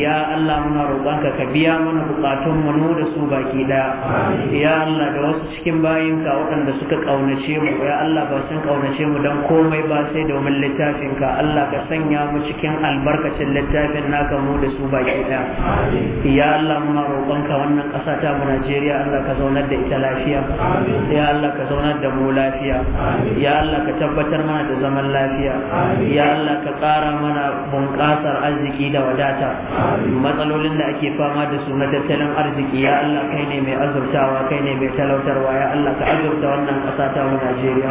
ya Allah muna roƙonka ka biya mana bukatun bukatun mu da su baki da ya Allah da wasu cikin bayinka waɗanda suka ƙaunace mu ya Allah ba sun ƙaunace mu don komai ba sai domin littafinka. Allah ka sanya mu cikin albarkacin littafin naka mu da su baki da ya Allah muna roƙonka wannan ƙasa ta mu Najeriya Allah ka zaunar da ita lafiya ya Allah ka zaunar da mu lafiya ya Allah ka tabbatar mana da zaman lafiya ya Allah ka ƙara mana bunƙasar arziki da wadata matsalolin da ake fama da su na tattalin tattalin arziki ya Allah kai ne mai azurtawa kai ne mai talautarwa ya Allah ka azurta wannan ƙasa ta mu Najeriya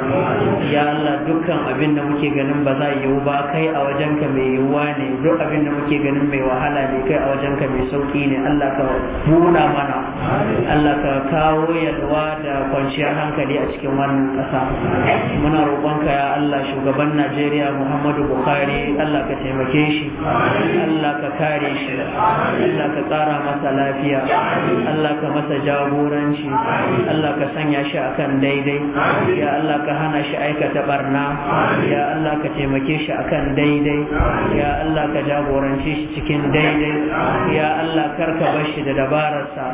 ya Allah dukkan abin da muke ganin ba za yiwu ba kai a wajenka mai yiwuwa ne duk abin da muke ganin mai wahala ne kai a wajenka mai sauki ne Allah ka buɗa mana Allah ka kawo yalwa da kwanciyar hankali a cikin wannan ƙasa muna roƙonka ya Allah shugaban Najeriya Muhammadu Buhari Allah ka taimake shi Allah ka kare shi Allah ka tsara masa lafiya lafiya Allah ka masa jagoranci Allah ka sanya shi akan daidai ya Allah ka hana shi aikata barna ya Allah ka taimake shi akan daidai ya Allah ka jagorance shi cikin daidai ya Allah ka bar shi da dabararsa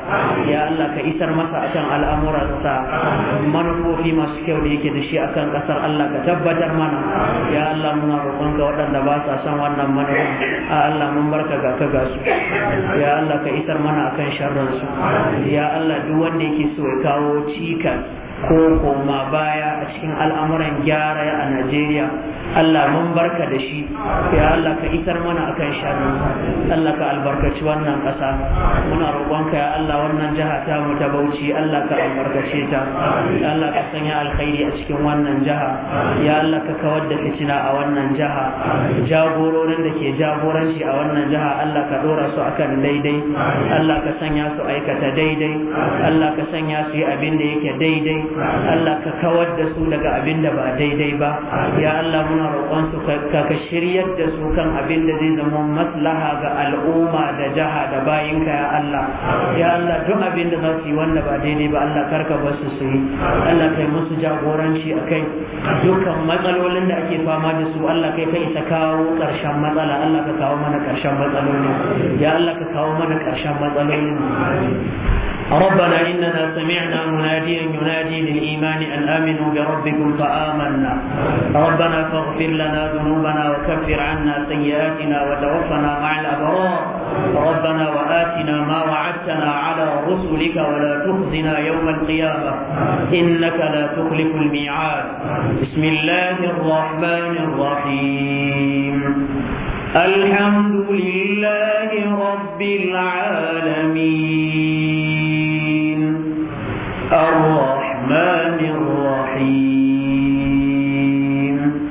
ya Allah ka isar masa akan al'amuransa manufofi masu kyau da yake da shi akan kasar Allah ka tabbatar mana ya Allah muna roƙonka waɗanda ba sa san wannan manufa a Allah mun barka ga ka gasu ya Allah ka isar mana akan sharransu ya Allah duk wanda yake so ya kawo cikas ko koma baya a cikin al'amuran gyara a Najeriya Allah mun barka da shi ya Allah ka isar mana akan shanu. Allah ka albarkaci wannan ƙasa muna roƙonka ya Allah wannan jiha ta mu ta Bauchi Allah ka albarkace ta Allah ka sanya alkhairi a cikin wannan jiha ya Allah ka kawar da fitina a wannan jiha jagororin da ke jagoranci a wannan jiha Allah ka dora su akan daidai Allah ka sanya su aikata daidai Allah ka sanya su yi abin da yake daidai Allah ka kawar da su daga abin da ba daidai ba ya Allah muna roƙon ka shiryar da su kan abin da zai zama maslaha ga al'umma da jaha da bayinka ya Allah ya Allah duk abin da za su yi wanda ba daidai ba Allah karka ba su su yi Allah kai musu jagoranci a kai dukkan matsalolin da ake fama da su Allah kai kai ta kawo ƙarshen matsala Allah ka kawo mana ƙarshen matsalolin ya Allah ka kawo mana ƙarshen matsalolin ربنا إننا سمعنا مناديا ينادي للإيمان أن آمنوا بربكم فآمنا ربنا فاغفر لنا ذنوبنا وكفر عنا سيئاتنا وتوفنا مع الأبرار ربنا وآتنا ما وعدتنا على رسلك ولا تخزنا يوم القيامة إنك لا تخلف الميعاد بسم الله الرحمن الرحيم الحمد لله رب العالمين الرحمن الرحيم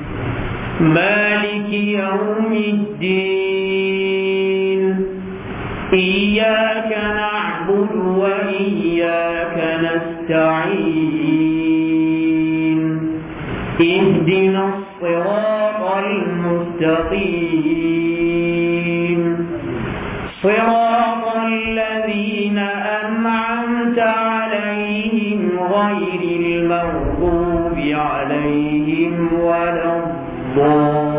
مالك يوم الدين إياك نعبد وإياك نستعين اهدنا الصراط المستقيم صراط الذين أنعمت عليهم المغضوب عليهم ولا الضالين